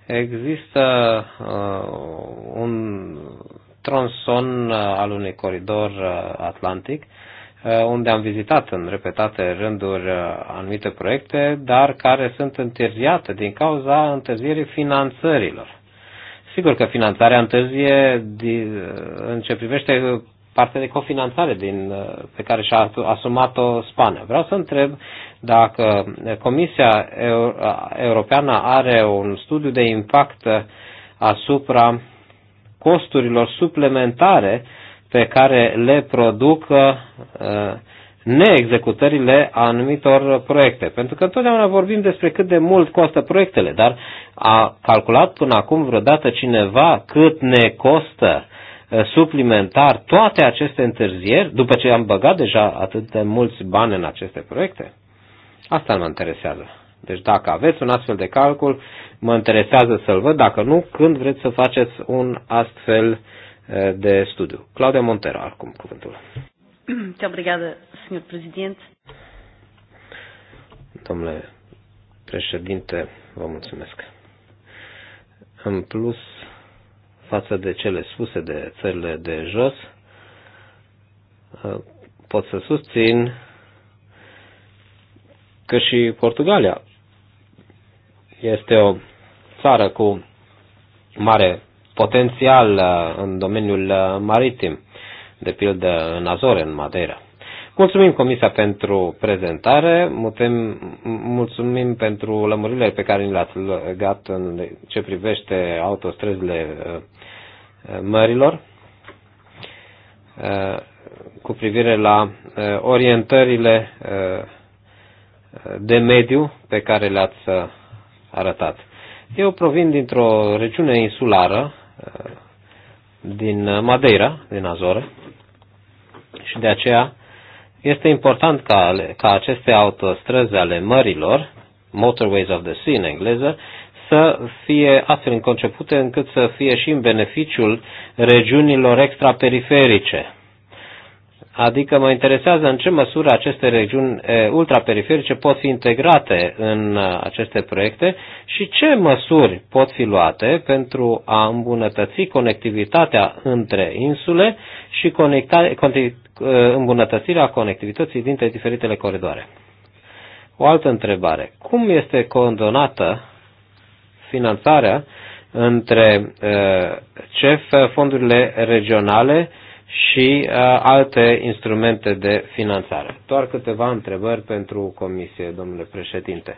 există uh, un tronson eh, al unui coridor atlantic Uh, unde am vizitat în repetate rânduri uh, anumite proiecte, dar care sunt întârziate din cauza întârzierii finanțărilor. Sigur că finanțarea întârzie uh, în ce privește partea de cofinanțare din, pe care și-a asumat-o Spania. Vreau să întreb dacă Comisia Europeană are un studiu de impact asupra costurilor suplimentare uh, pe care le produc uh, neexecutările anumitor proiecte. Pentru că întotdeauna vorbim despre cât de mult costă proiectele, dar a calculat până acum vreodată cineva cât ne costă uh, suplimentar toate aceste întârzieri, după ce am băgat deja atât de mulți bani în aceste proiecte? Asta mă interesează. Deci dacă aveți un astfel de calcul, mă interesează să-l văd, dacă nu, când vreți să faceți un astfel de studiu. Claudia Montero, acum cuvântul. Te obrigada, senhor Presidente. Domnule președinte, vă mulțumesc. În plus, față de cele spuse de țările de jos, pot să susțin că și Portugalia este o țară cu mare potențial uh, în domeniul uh, maritim, de pildă în Azore, în Madeira. Mulțumim Comisia pentru prezentare, mulțumim pentru lămurile pe care ni le-ați legat în ce privește autostrăzile uh, mărilor cu privire la orientările de mediu pe care le-ați arătat. Eu provin dintr-o regiune insulară Uh, din Madeira, din Azore, și de aceea este important ca, ca aceste autostrăzi ale mărilor, motorways of the sea în engleză, să fie astfel concepute încât să fie și în beneficiul regiunilor extraperiferice Adică mă interesează în ce măsură aceste regiuni ultraperiferice pot fi integrate în uh, aceste proiecte și ce măsuri pot fi luate pentru a îmbunătăți conectivitatea între insule și conecta, conti, uh, îmbunătățirea conectivității dintre diferitele coridoare. O altă întrebare. Cum este condonată finanțarea între uh, CEF, fondurile regionale, și uh, alte instrumente de finanțare. Doar câteva întrebări pentru Comisie, domnule președinte.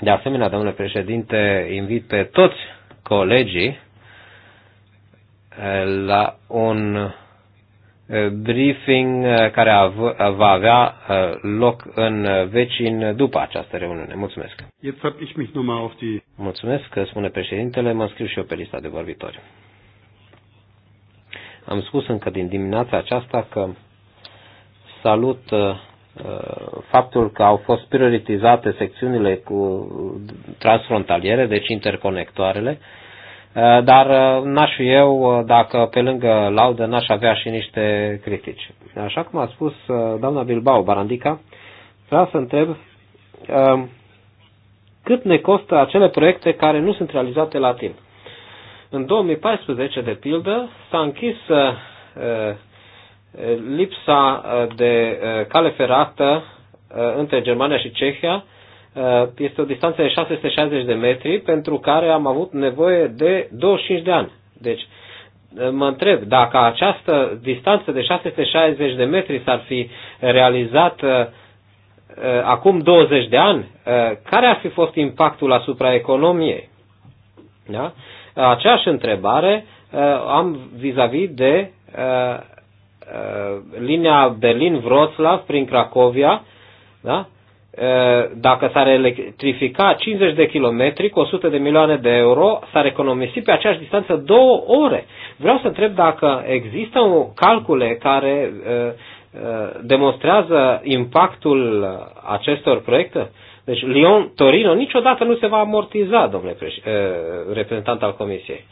De asemenea, domnule președinte, invit pe toți colegii uh, la un uh, briefing care va avea loc în vecin după această reuniune. Mulțumesc. Mulțumesc, spune președintele, mă scriu și eu pe lista de vorbitori. Am spus încă din dimineața aceasta că salut uh, faptul că au fost prioritizate secțiunile cu transfrontaliere, deci interconectoarele, uh, dar uh, n-aș fi eu dacă pe lângă laudă n-aș avea și niște critici. Așa cum a spus doamna Bilbao Barandica, vreau să întreb cât ne costă acele proiecte care nu sunt realizate la timp. În 2014, de pildă, s-a închis uh, uh, lipsa uh, de cale ferată între Germania și Cehia. Este o distanță de 660 de metri pentru care am avut nevoie de 25 de ani. Deci, mă întreb dacă această distanță de 660 de metri s-ar fi realizat acum 20 de ani, care ar fi fost impactul asupra economiei? Da? aceeași întrebare uh, am vis-a-vis -vis de uh, uh, linia Berlin-Wroclaw prin Cracovia, da? dacă s-ar electrifica 50 de kilometri cu 100 de milioane de euro, s-ar economisi pe aceeași distanță două ore. Vreau să întreb dacă există o calcule care demonstrează impactul acestor proiecte? Deci Lyon-Torino niciodată nu se va amortiza, domnule eh, reprezentant al Comisiei.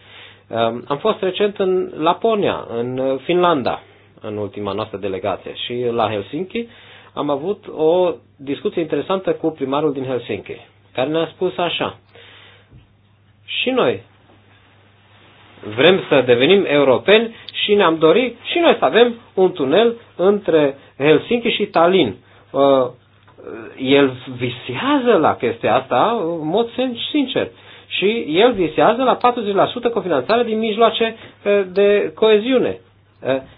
Ehm, am fost recent în Laponia, în eh, Finlanda, în ultima noastră delegație și la Helsinki am avut o discuție interesantă cu primarul din Helsinki, care ne-a spus așa. Și noi vrem să devenim europeni și ne-am dorit și noi să avem un tunel între Helsinki și Tallinn eh, el visează la chestia asta în mod sincer. Și el visează la 40% cofinanțare din mijloace de coeziune.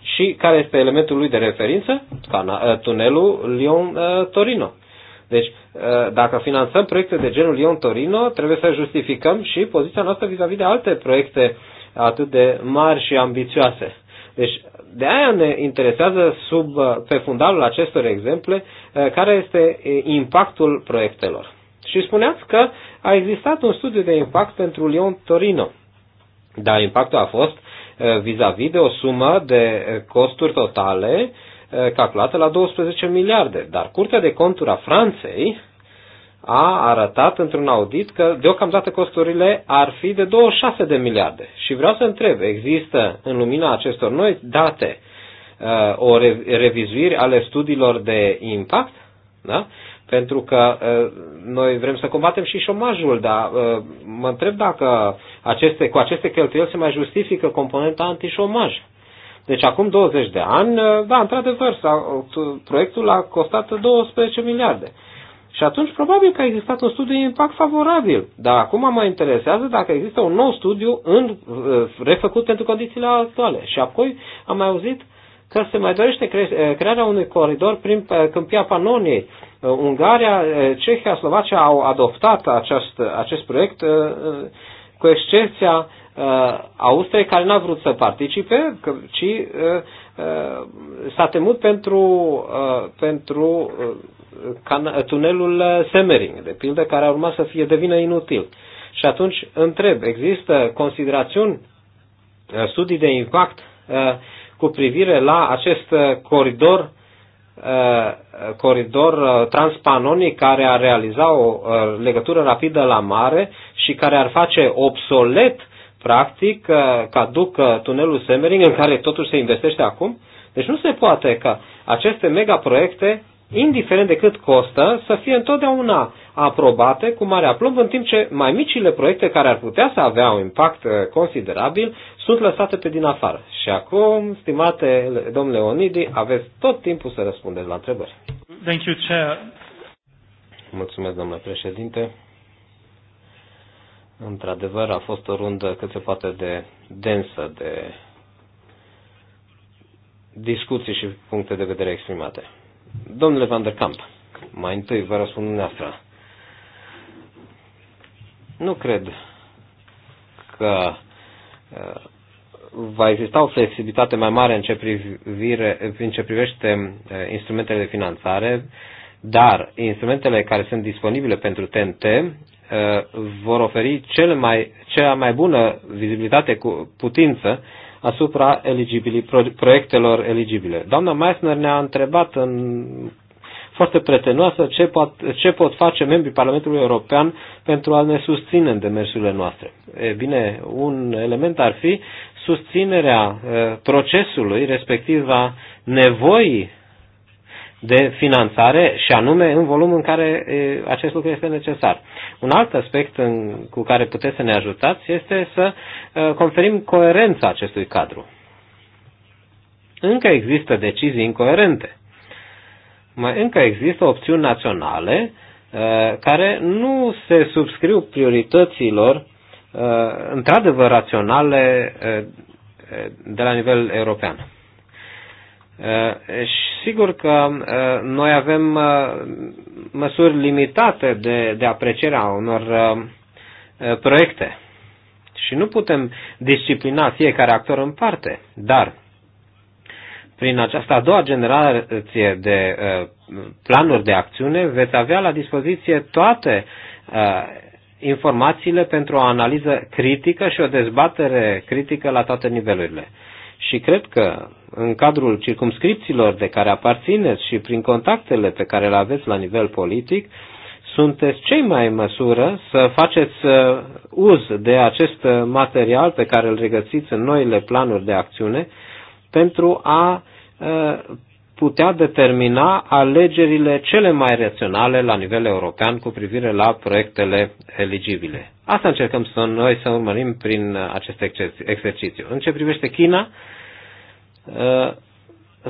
Și care este elementul lui de referință? Tunelul Lyon-Torino. Deci, dacă finanțăm proiecte de genul Lyon-Torino, trebuie să justificăm și poziția noastră vis-a-vis -vis de alte proiecte atât de mari și ambițioase. Deci, de aia ne interesează sub, pe fundalul acestor exemple eh, care este eh, impactul proiectelor. Și spuneați că a existat un studiu de impact pentru Lyon-Torino. Dar impactul a fost eh, vis-a-vis -vis de o sumă de costuri totale calculată la 12 miliarde. Dar Curtea de Conturi a Franței a arătat într-un audit că deocamdată costurile ar fi de 26 de miliarde. Și vreau să întreb, există în lumina acestor noi date uh, o revizuire ale studiilor de impact? Da? Pentru că uh, noi vrem să combatem și șomajul, dar uh, mă întreb dacă aceste, cu aceste cheltuieli se mai justifică componenta antișomaj. Deci acum 20 de ani, da, într-adevăr, proiectul a costat 12 miliarde. Și atunci probabil că a existat un studiu de impact favorabil. Dar acum mă interesează dacă există un nou studiu în, eh, refăcut pentru condițiile actuale. Și apoi am mai auzit că se mai dorește cre- eh, crearea unui coridor prin Câmpia Panoniei. Eh, Ungaria, Cehia, Slovacia au adoptat acest, acest proiect cu excepția Austriei care n-a vrut să participe, ci s-a temut pentru, pentru tunelul Semering, de pildă, care a urma să fie devină inutil. Și atunci întreb, există considerațiuni, uh, studii de impact uh, cu privire la acest uh, coridor coridor transpanonic care ar realiza o legătură rapidă la mare și care ar face obsolet practic caduc tunelul Semering, în care totuși se investește acum. Deci nu se poate ca aceste megaproiecte indiferent de cât costă, să fie întotdeauna aprobate cu mare aplomb, în timp ce mai micile proiecte care ar putea să avea un impact uh, considerabil sunt lăsate pe din afară. Și acum, stimate domnule Onidi, aveți tot timpul să răspundeți la întrebări. Thank you, Chair. Mulțumesc, domnule președinte. Într-adevăr, a fost o rundă cât se poate de densă de discuții și puncte de vedere exprimate. Domnule Van der Camp, mai întâi vă răspund dumneavoastră. Nu cred că uh, va exista o flexibilitate mai mare în ce, privire, în ce privește uh, instrumentele de finanțare, dar instrumentele care sunt disponibile pentru TNT uh, vor oferi cel mai, cea mai bună vizibilitate cu putință asupra eligibili, proiectelor eligibile. Doamna Meissner ne-a întrebat în foarte pretenoasă ce pot, ce pot face membrii Parlamentului European pentru a ne susține în demersurile noastre. E bine, un element ar fi susținerea eh, procesului, respectiv a nevoii de finanțare și anume în volumul în care acest lucru este necesar. Un alt aspect în, cu care puteți să ne ajutați este să conferim coerența acestui cadru. Încă există decizii incoerente. Mai încă există opțiuni naționale care nu se subscriu priorităților într-adevăr raționale de la nivel european. Eh, și sigur că eh, noi avem eh, măsuri limitate de, de aprecierea unor proiecte și nu putem disciplina fiecare actor în parte, dar prin această a doua generație de planuri de acțiune veți avea la dispoziție toate informațiile pentru o analiză critică și o dezbatere critică la toate nivelurile. Și cred că în cadrul circumscripțiilor de care aparțineți și prin contactele pe care le aveți la nivel politic, sunteți cei mai în măsură să faceți uh, uz de acest material pe care îl regăsiți în noile planuri de acțiune pentru a uh, putea determina alegerile cele mai raționale la nivel european cu privire la proiectele eligibile. Asta încercăm să noi să urmărim prin acest exercițiu. În ce privește China, Uh,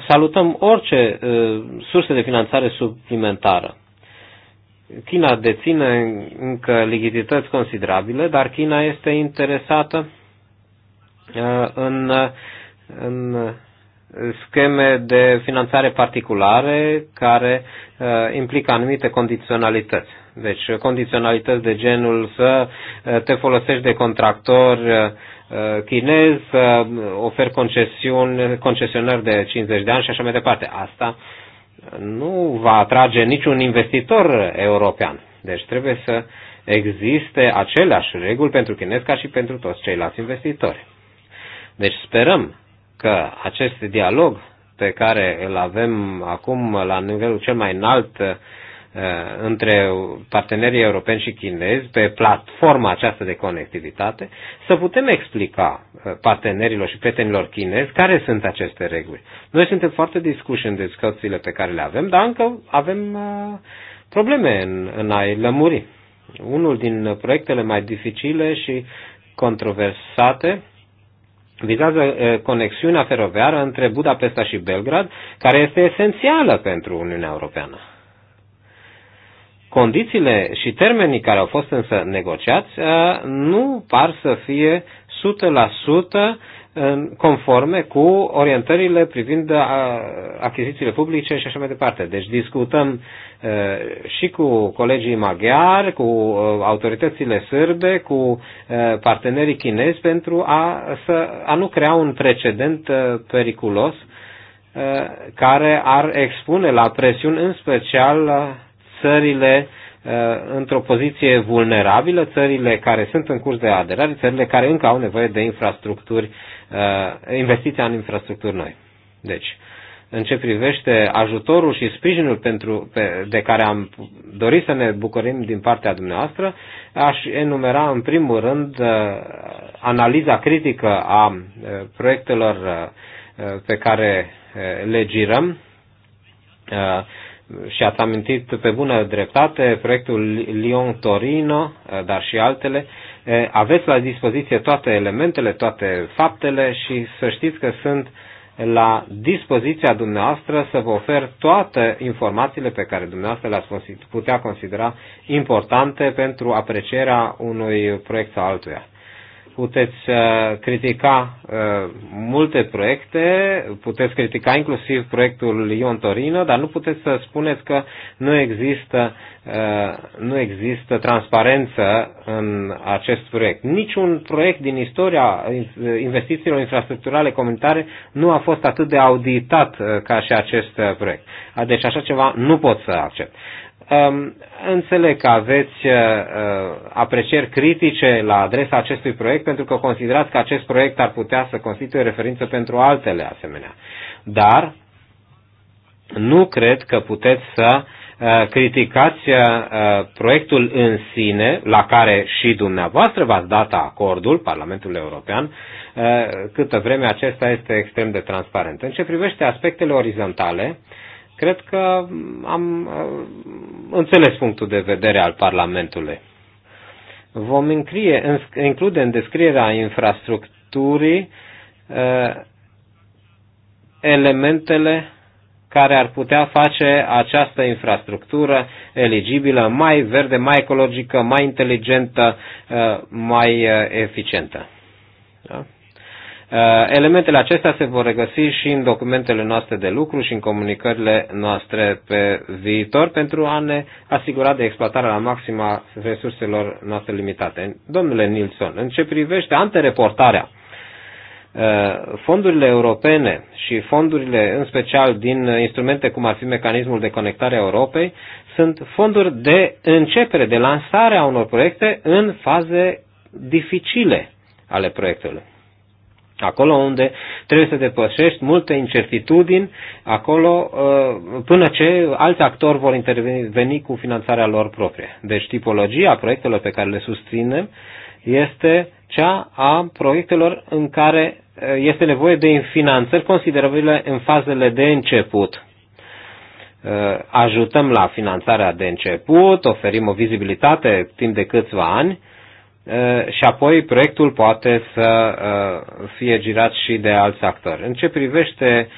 salutăm orice uh, surse de finanțare suplimentară. China deține încă lichidități considerabile, dar China este interesată uh, în, în scheme de finanțare particulare care implică anumite condiționalități. Deci condiționalități de genul să eh, te folosești de contractor eh, eh, chinez, să oferi concesionari de 50 de ani și așa mai departe. Asta nu va atrage niciun investitor european. Deci trebuie să existe aceleași reguli pentru chinez ca și pentru toți ceilalți investitori. Deci sperăm că acest dialog pe care îl avem acum la nivelul cel mai înalt Uh, între partenerii europeni și chinezi pe platforma aceasta de conectivitate, să putem explica uh, partenerilor și prietenilor chinezi care sunt aceste reguli. Noi suntem foarte discuși în discuțiile pe care le avem, dar încă avem uh, probleme în, în a-i lămuri. Unul din proiectele mai dificile și controversate vizează conexiunea feroviară între Budapesta și Belgrad, care este esențială pentru Uniunea Europeană. Condițiile și termenii care au fost însă negociați uh, nu par să fie 100% conforme cu orientările privind uh, achizițiile publice și așa mai departe. Deci discutăm uh, și cu colegii maghiari, cu autoritățile sârbe, cu partenerii chinezi pentru a, să, a nu crea un precedent periculos care ar expune la presiuni în special țările uh, într-o poziție vulnerabilă, țările care sunt în curs de aderare, țările care încă au nevoie de infrastructuri, uh, investiția în infrastructuri noi. Deci, în ce privește ajutorul și sprijinul pentru, pe, de care am dorit să ne bucurim din partea dumneavoastră, aș enumera în primul rând uh, analiza critică a proiectelor pe care le girăm, și ați amintit pe bună dreptate proiectul Lyon-Torino, eh, dar și altele. Eh, aveți la dispoziție toate elementele, toate faptele și să știți că sunt la dispoziția dumneavoastră să vă ofer toate informațiile pe care dumneavoastră le-ați putea considera importante pentru aprecierea unui proiect sau altuia puteți uh, critica uh, multe proiecte, puteți critica inclusiv proiectul Lyon-Torino, dar nu puteți să spuneți că nu există, uh, nu există transparență în acest proiect. Niciun proiect din istoria investițiilor infrastructurale comunitare nu a fost atât de auditat ca și acest proiect. Deci așa ceva nu pot să accept. Um, înțeleg că aveți uh, uh, aprecieri critice la adresa acestui proiect pentru că considerați că acest proiect ar putea să constituie referință pentru altele asemenea. Dar nu cred că puteți să uh, criticați proiectul în sine, la care și dumneavoastră v-ați dat acordul, Parlamentul European, câtă vreme acesta este extrem de transparent. În ce privește aspectele orizontale, uh, Cred că am uh, înțeles punctul de vedere al Parlamentului. Vom incrie, include în descrierea infrastructurii uh, elementele care ar putea face această infrastructură eligibilă mai verde, mai ecologică, mai inteligentă, uh, mai eficientă. Da? Uh, elementele acestea se vor regăsi și în documentele noastre de lucru și în comunicările noastre pe viitor pentru a ne asigura de exploatarea la maxima resurselor noastre limitate. Domnule Nilsson, în ce privește antereportarea, uh, fondurile europene și fondurile în special din instrumente cum ar fi mecanismul de conectare a Europei sunt fonduri de începere, de lansare a unor proiecte în faze dificile ale proiectului. Acolo unde trebuie să depășești multe incertitudini, acolo uh, până ce alți actori vor interveni cu finanțarea lor proprie. Deci tipologia proiectelor pe care le susținem este cea a proiectelor în care uh, este nevoie de finanțări considerabile în fazele de început. Uh, ajutăm la finanțarea de început, oferim o vizibilitate timp de câțiva ani, Eh, și apoi proiectul poate să eh, fie girat și de alți actori. În ce privește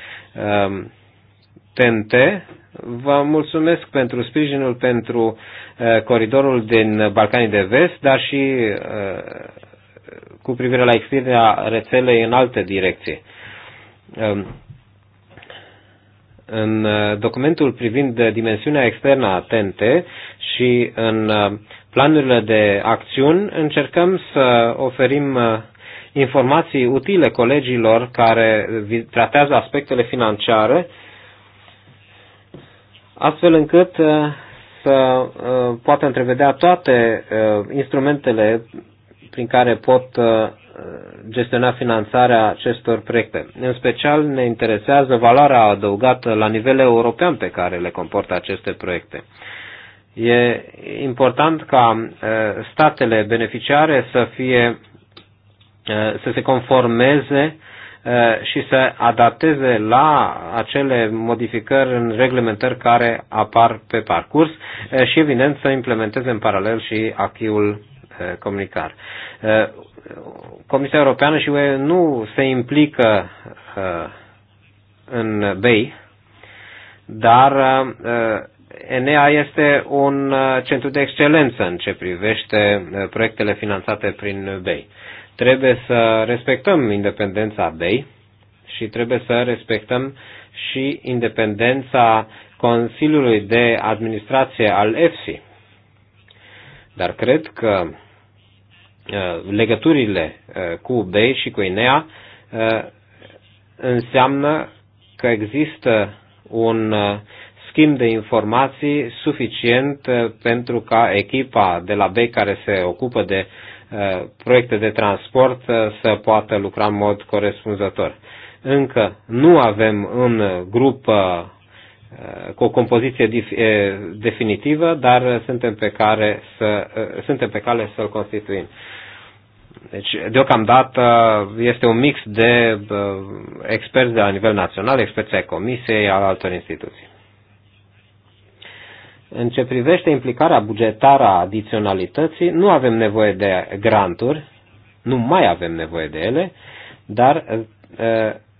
TNT, ehm, vă mulțumesc pentru sprijinul pentru eh, coridorul din Balcanii de Vest, dar și cu privire la extinderea rețelei în alte direcții. Ehm, în documentul privind dimensiunea externă a TNT și în planurile de acțiuni, încercăm să oferim uh, informații utile colegilor care tratează aspectele financiare, astfel încât uh, să uh, poată întrevedea toate instrumentele prin care pot gestiona finanțarea acestor proiecte. În special ne interesează valoarea adăugată la nivel european pe care le comportă aceste proiecte. E important ca uh, statele beneficiare să fie uh, să se conformeze uh, și să adapteze la acele modificări în reglementări care apar pe parcurs și, evident, să implementeze în paralel și achiul comunicar. Comisia Europeană și UE nu se implică în BEI, dar Enea este un uh, centru de excelență în ce privește uh, proiectele finanțate prin BEI. Trebuie să respectăm independența BEI și trebuie să respectăm și independența Consiliului de Administrație al EFSI. Dar cred că uh, legăturile cu BEI și cu INEA înseamnă că există un schimb de informații suficient uh, pentru ca echipa de la BEI care se ocupă de uh, proiecte de transport uh, să poată lucra în mod corespunzător. Încă nu avem un grup cu o compoziție definitivă, dar suntem pe, care să, suntem pe cale să-l constituim. Deci, deocamdată, este un mix de experți de la nivel național, experți ai Comisiei, al altor instituții. În ce privește implicarea bugetară a adiționalității, nu avem nevoie de granturi, nu mai avem nevoie de ele, dar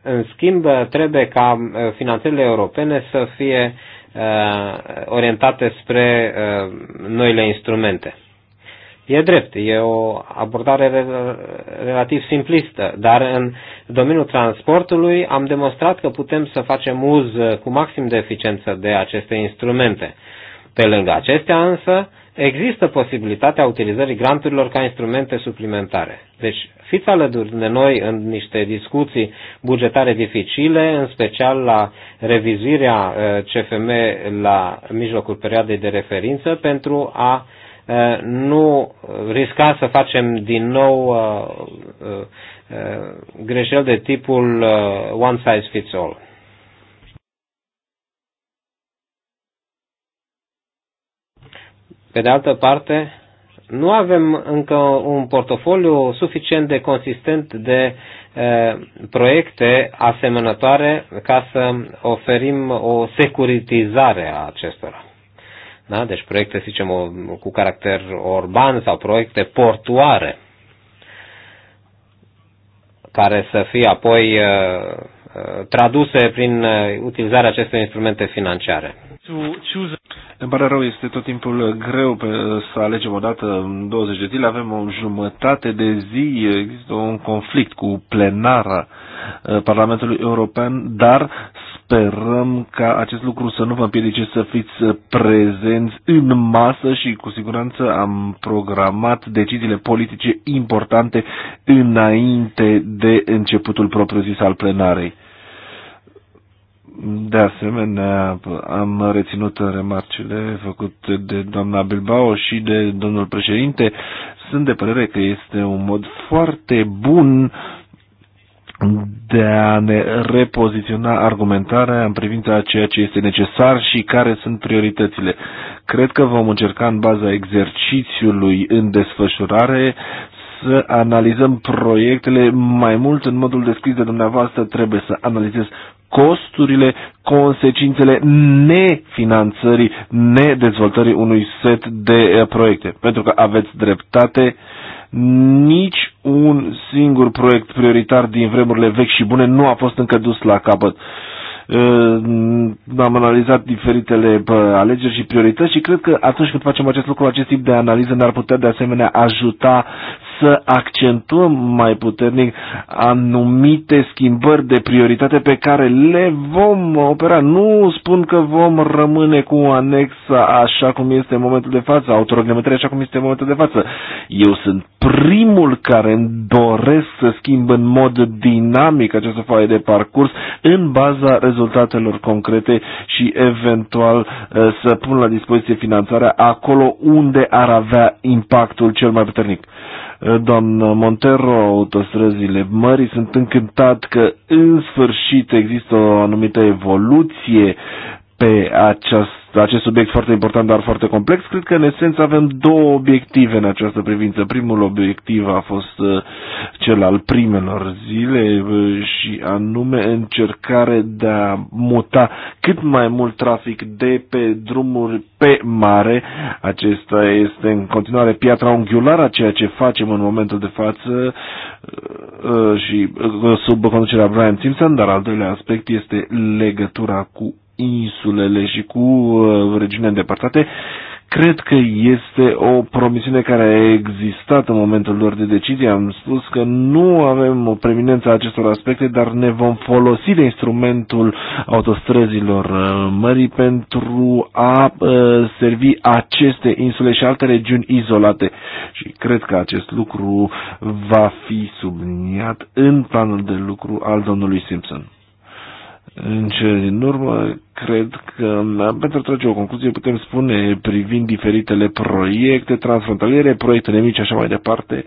în schimb trebuie ca finanțele europene să fie orientate spre noile instrumente. E drept, e o abordare relativ simplistă, dar în domeniul transportului am demonstrat că putem să facem uz cu maxim de eficiență de aceste instrumente. Pe lângă acestea însă, există posibilitatea utilizării granturilor ca instrumente suplimentare. Deci, fiți alături de noi în niște discuții bugetare dificile, în special la revizuirea uh, CFM la mijlocul perioadei de referință, pentru a uh, nu risca să facem din nou uh, greșeli de tipul one size fits all. Pe de altă parte, nu avem încă un portofoliu suficient de consistent de proiecte asemănătoare ca să oferim o securitizare a acestora. Da? Deci proiecte, să zicem, cu caracter urban sau proiecte portuare care să fie apoi traduse prin utilizarea acestor instrumente financiare. To choose îmi pare rău, este tot timpul greu pe, să alegem o dată 20 de zile, avem o jumătate de zi, există un conflict cu plenara uh, Parlamentului European, dar sperăm ca acest lucru să nu vă împiedice să fiți uh, prezenți în masă și cu siguranță am programat deciziile politice importante înainte de începutul propriu-zis al plenarei. De asemenea, am reținut remarcile făcute de doamna Bilbao și de domnul președinte. Sunt de părere că este un mod foarte bun de a ne repoziționa argumentarea în privința a ceea ce este necesar și care sunt prioritățile. Cred că vom încerca în baza exercițiului în desfășurare să analizăm proiectele mai mult în modul deschis de dumneavoastră. Trebuie să analizez costurile, consecințele nefinanțării, nedezvoltării unui set de eh, proiecte. Pentru că aveți dreptate, nici un singur proiect prioritar din vremurile vechi și bune nu a fost încă dus la capăt. Eh, am analizat diferitele eh, alegeri și priorități și cred că atunci când facem acest lucru, acest tip de analiză ne-ar putea de asemenea ajuta să accentuăm mai puternic anumite schimbări de prioritate pe care le vom opera. Nu spun că vom rămâne cu anexa așa cum este în momentul de față, autoreglementare așa cum este în momentul de față. Eu sunt primul care îmi doresc să schimb în mod dinamic această foaie de parcurs în baza rezultatelor concrete și eventual uh, să pun la dispoziție finanțarea acolo unde ar avea impactul cel mai puternic. Eh, doamnă Montero, autostrăzile mării. Sunt încântat că în sfârșit există o anumită evoluție pe acest, acest subiect foarte important, dar foarte complex. Cred că, în esență, avem două obiective în această privință. Primul obiectiv a fost uh, cel al primelor zile uh, și anume încercare de a muta cât mai mult trafic de pe drumuri pe mare. Acesta este în continuare piatra unghiulară a ceea ce facem în momentul de față uh, și sub conducerea Brian Simpson, dar al doilea aspect este legătura cu insulele și cu uh, regiunea îndepărtate, cred că este o promisiune care a existat în momentul lor de decizie. Am spus că nu avem o preminență a acestor aspecte, dar ne vom folosi de instrumentul autostrăzilor uh, mării pentru a uh, servi aceste insule și alte regiuni izolate. Și cred că acest lucru va fi subliniat în planul de lucru al domnului Simpson. În cele din urmă, cred că da, pentru a trage o concluzie putem spune privind diferitele proiecte transfrontaliere, proiectele mici așa mai departe,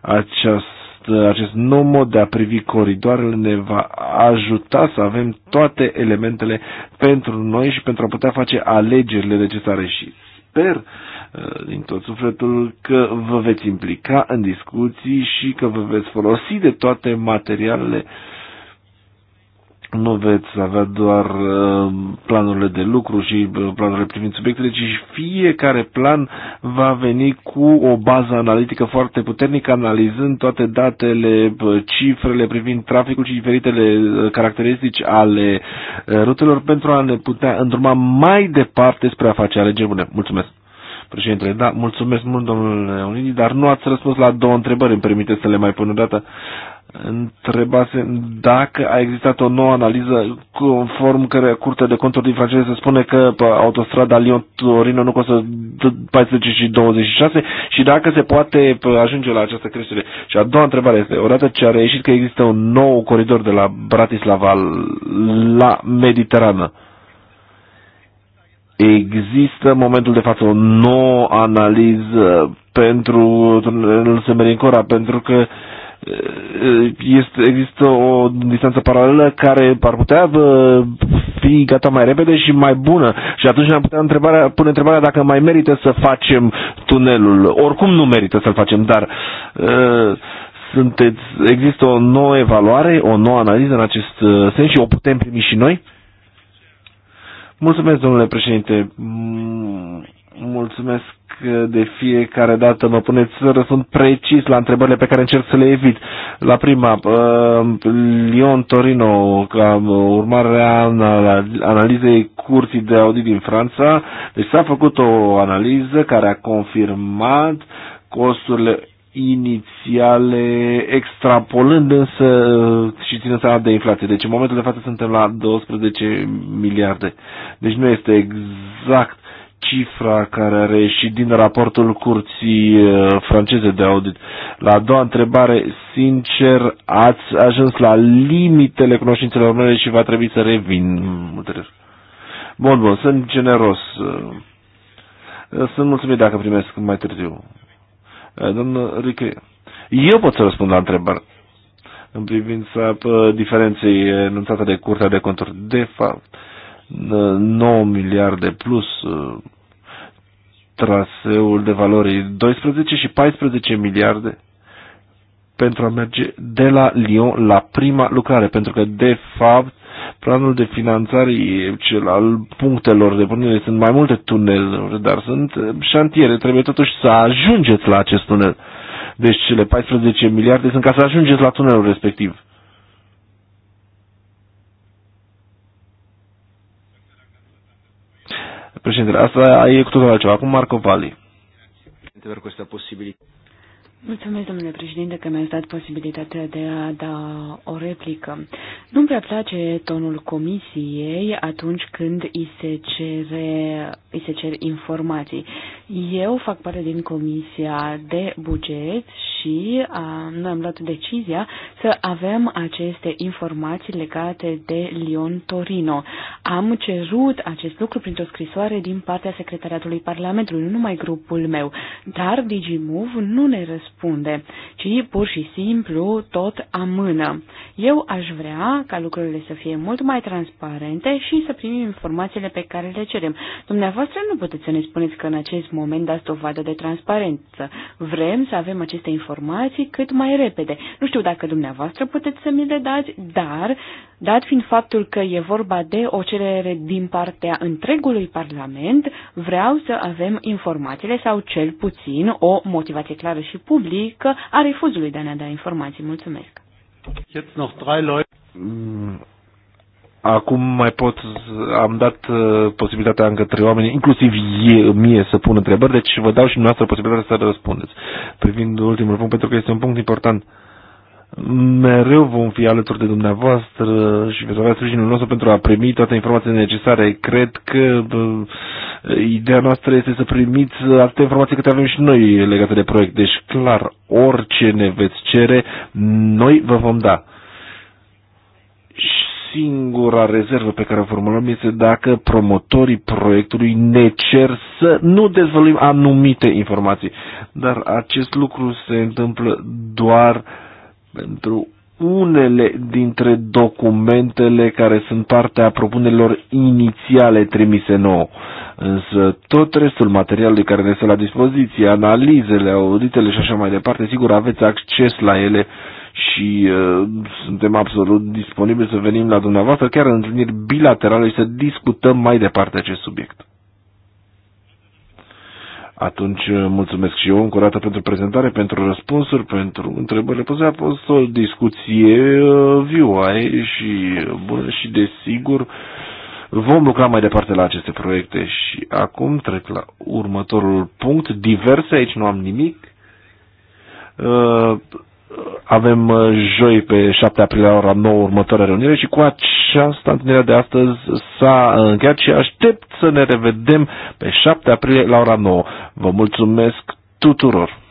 acest, acest nou mod de a privi coridoarele ne va ajuta să avem toate elementele pentru noi și pentru a putea face alegerile necesare și sper uh, din tot sufletul că vă veți implica în discuții și că vă veți folosi de toate materialele uh, nu veți avea doar uh, planurile de lucru și uh, planurile privind subiectele, ci și fiecare plan va veni cu o bază analitică foarte puternică, analizând toate datele, uh, cifrele privind traficul și diferitele caracteristici ale rutelor pentru a ne putea îndruma mai departe spre a face alegeri bune. Mulțumesc! Președintele, da, mulțumesc mult, domnule Leonidi, dar nu ați răspuns la două întrebări, îmi permiteți să le mai pun o dată. Uh, întrebase dacă a existat o nouă analiză conform care Curtea de Conturi din franceză se spune că pe autostrada Lyon-Torino nu costă 14 și 26 și dacă se poate ajunge la această creștere. Și a doua întrebare este, odată ce a reieșit că există un nou coridor de la Bratislava la Mediterană, Există în momentul de față o nouă analiză pentru tunelul Semerincora, pentru că uh, Eh, este, există o distanță paralelă care ar putea eh, fi gata mai repede și mai bună. Și atunci ne-am putea întrebarea, pune întrebarea dacă mai merită să facem tunelul. Oricum nu merită să-l facem, dar eh, sunteți, există o nouă evaluare, o nouă analiză în acest sens și o putem primi și noi? Mulțumesc, domnule președinte. Mulțumesc de fiecare dată mă puneți să răspund precis la întrebările pe care încerc să le evit. La prima, uh, Lyon-Torino, ca urmare a analizei curții de audit din Franța, deci s-a făcut o analiză care a confirmat costurile inițiale, extrapolând însă uh, și ținând seama de inflație. Deci în momentul de față suntem la 12 miliarde. Deci nu este exact cifra care are reieșit din raportul curții uh, franceze de audit. La a doua întrebare, sincer, ați ajuns la limitele cunoștințelor mele și va trebui să revin. Bun, bun, sunt generos. Uh, sunt mulțumit dacă primesc mai târziu. Uh, domnul Riche, eu pot să răspund la întrebare în privința diferenței enunțate de Curtea de Conturi. De fapt, 9 miliarde plus traseul de valori 12 și 14 miliarde pentru a merge de la Lyon la prima lucrare, pentru că, de fapt, planul de finanțare cel al punctelor de pornire. Sunt mai multe tuneluri, dar sunt eh, șantiere. Trebuie totuși să ajungeți la acest tunel. Deci cele 14 miliarde sunt ca să ajungeți la tunelul respectiv. Președintele, asta e cu totul altceva. Acum Marco Vali. Mulțumesc, domnule președinte, că mi-ați dat posibilitatea de a da o replică. Nu-mi prea place tonul comisiei atunci când îi se, cere, îi se cer informații. Eu fac parte din comisia de buget și a, noi am luat decizia să avem aceste informații legate de Lyon-Torino. Am cerut acest lucru printr-o scrisoare din partea Secretariatului Parlamentului, nu numai grupul meu, dar DigiMove nu ne răspunde, ci pur și simplu tot amână. Eu aș vrea ca lucrurile să fie mult mai transparente și să primim informațiile pe care le cerem. Dumneavoastră nu puteți să ne spuneți că în acest moment dați dovadă de transparență. Vrem să avem aceste informații informații cât mai repede. Nu știu dacă dumneavoastră puteți să mi le dați, dar, dat fiind faptul că e vorba de o cerere din partea întregului Parlament, vreau să avem informațiile sau cel puțin o motivație clară și publică a refuzului de a ne da informații. Mulțumesc! Jetzt noch drei Leute. Mm, Acum mai pot, am dat uh, posibilitatea încă trei oameni, inclusiv eu, mie, să pun întrebări, deci vă dau și noastră posibilitatea să răspundeți. Privind ultimul punct, pentru că este un punct important, mereu vom fi alături de dumneavoastră și veți avea sprijinul nostru pentru a primi toate informațiile necesare. Cred că uh, ideea noastră este să primiți atâtea informații câte avem și noi legate de proiect. Deci, clar, orice ne veți cere, noi vă vom da. Și singura rezervă pe care o formulăm este dacă promotorii proiectului ne cer să nu dezvăluim anumite informații. Dar acest lucru se întâmplă doar pentru unele dintre documentele care sunt partea propunerilor inițiale trimise nouă. Însă tot restul materialului care ne stă la dispoziție, analizele, auditele și așa mai departe, sigur aveți acces la ele uh, și uh, suntem absolut disponibili să venim la dumneavoastră chiar în întâlniri bilaterale și să discutăm mai departe acest subiect. Atunci uh, mulțumesc și eu încă o dată pentru prezentare, pentru răspunsuri, pentru întrebările puse. A fost o discuție uh, vioaie și bună și desigur vom lucra mai departe la aceste proiecte și acum trec la următorul punct. Diverse, aici nu am nimic. Uh, avem uh, joi pe 7 aprilie la ora 9 următoarea reuniune și cu această întâlnire de astăzi s-a uh, încheiat și aștept să ne revedem pe 7 aprilie la ora 9. Vă mulțumesc tuturor!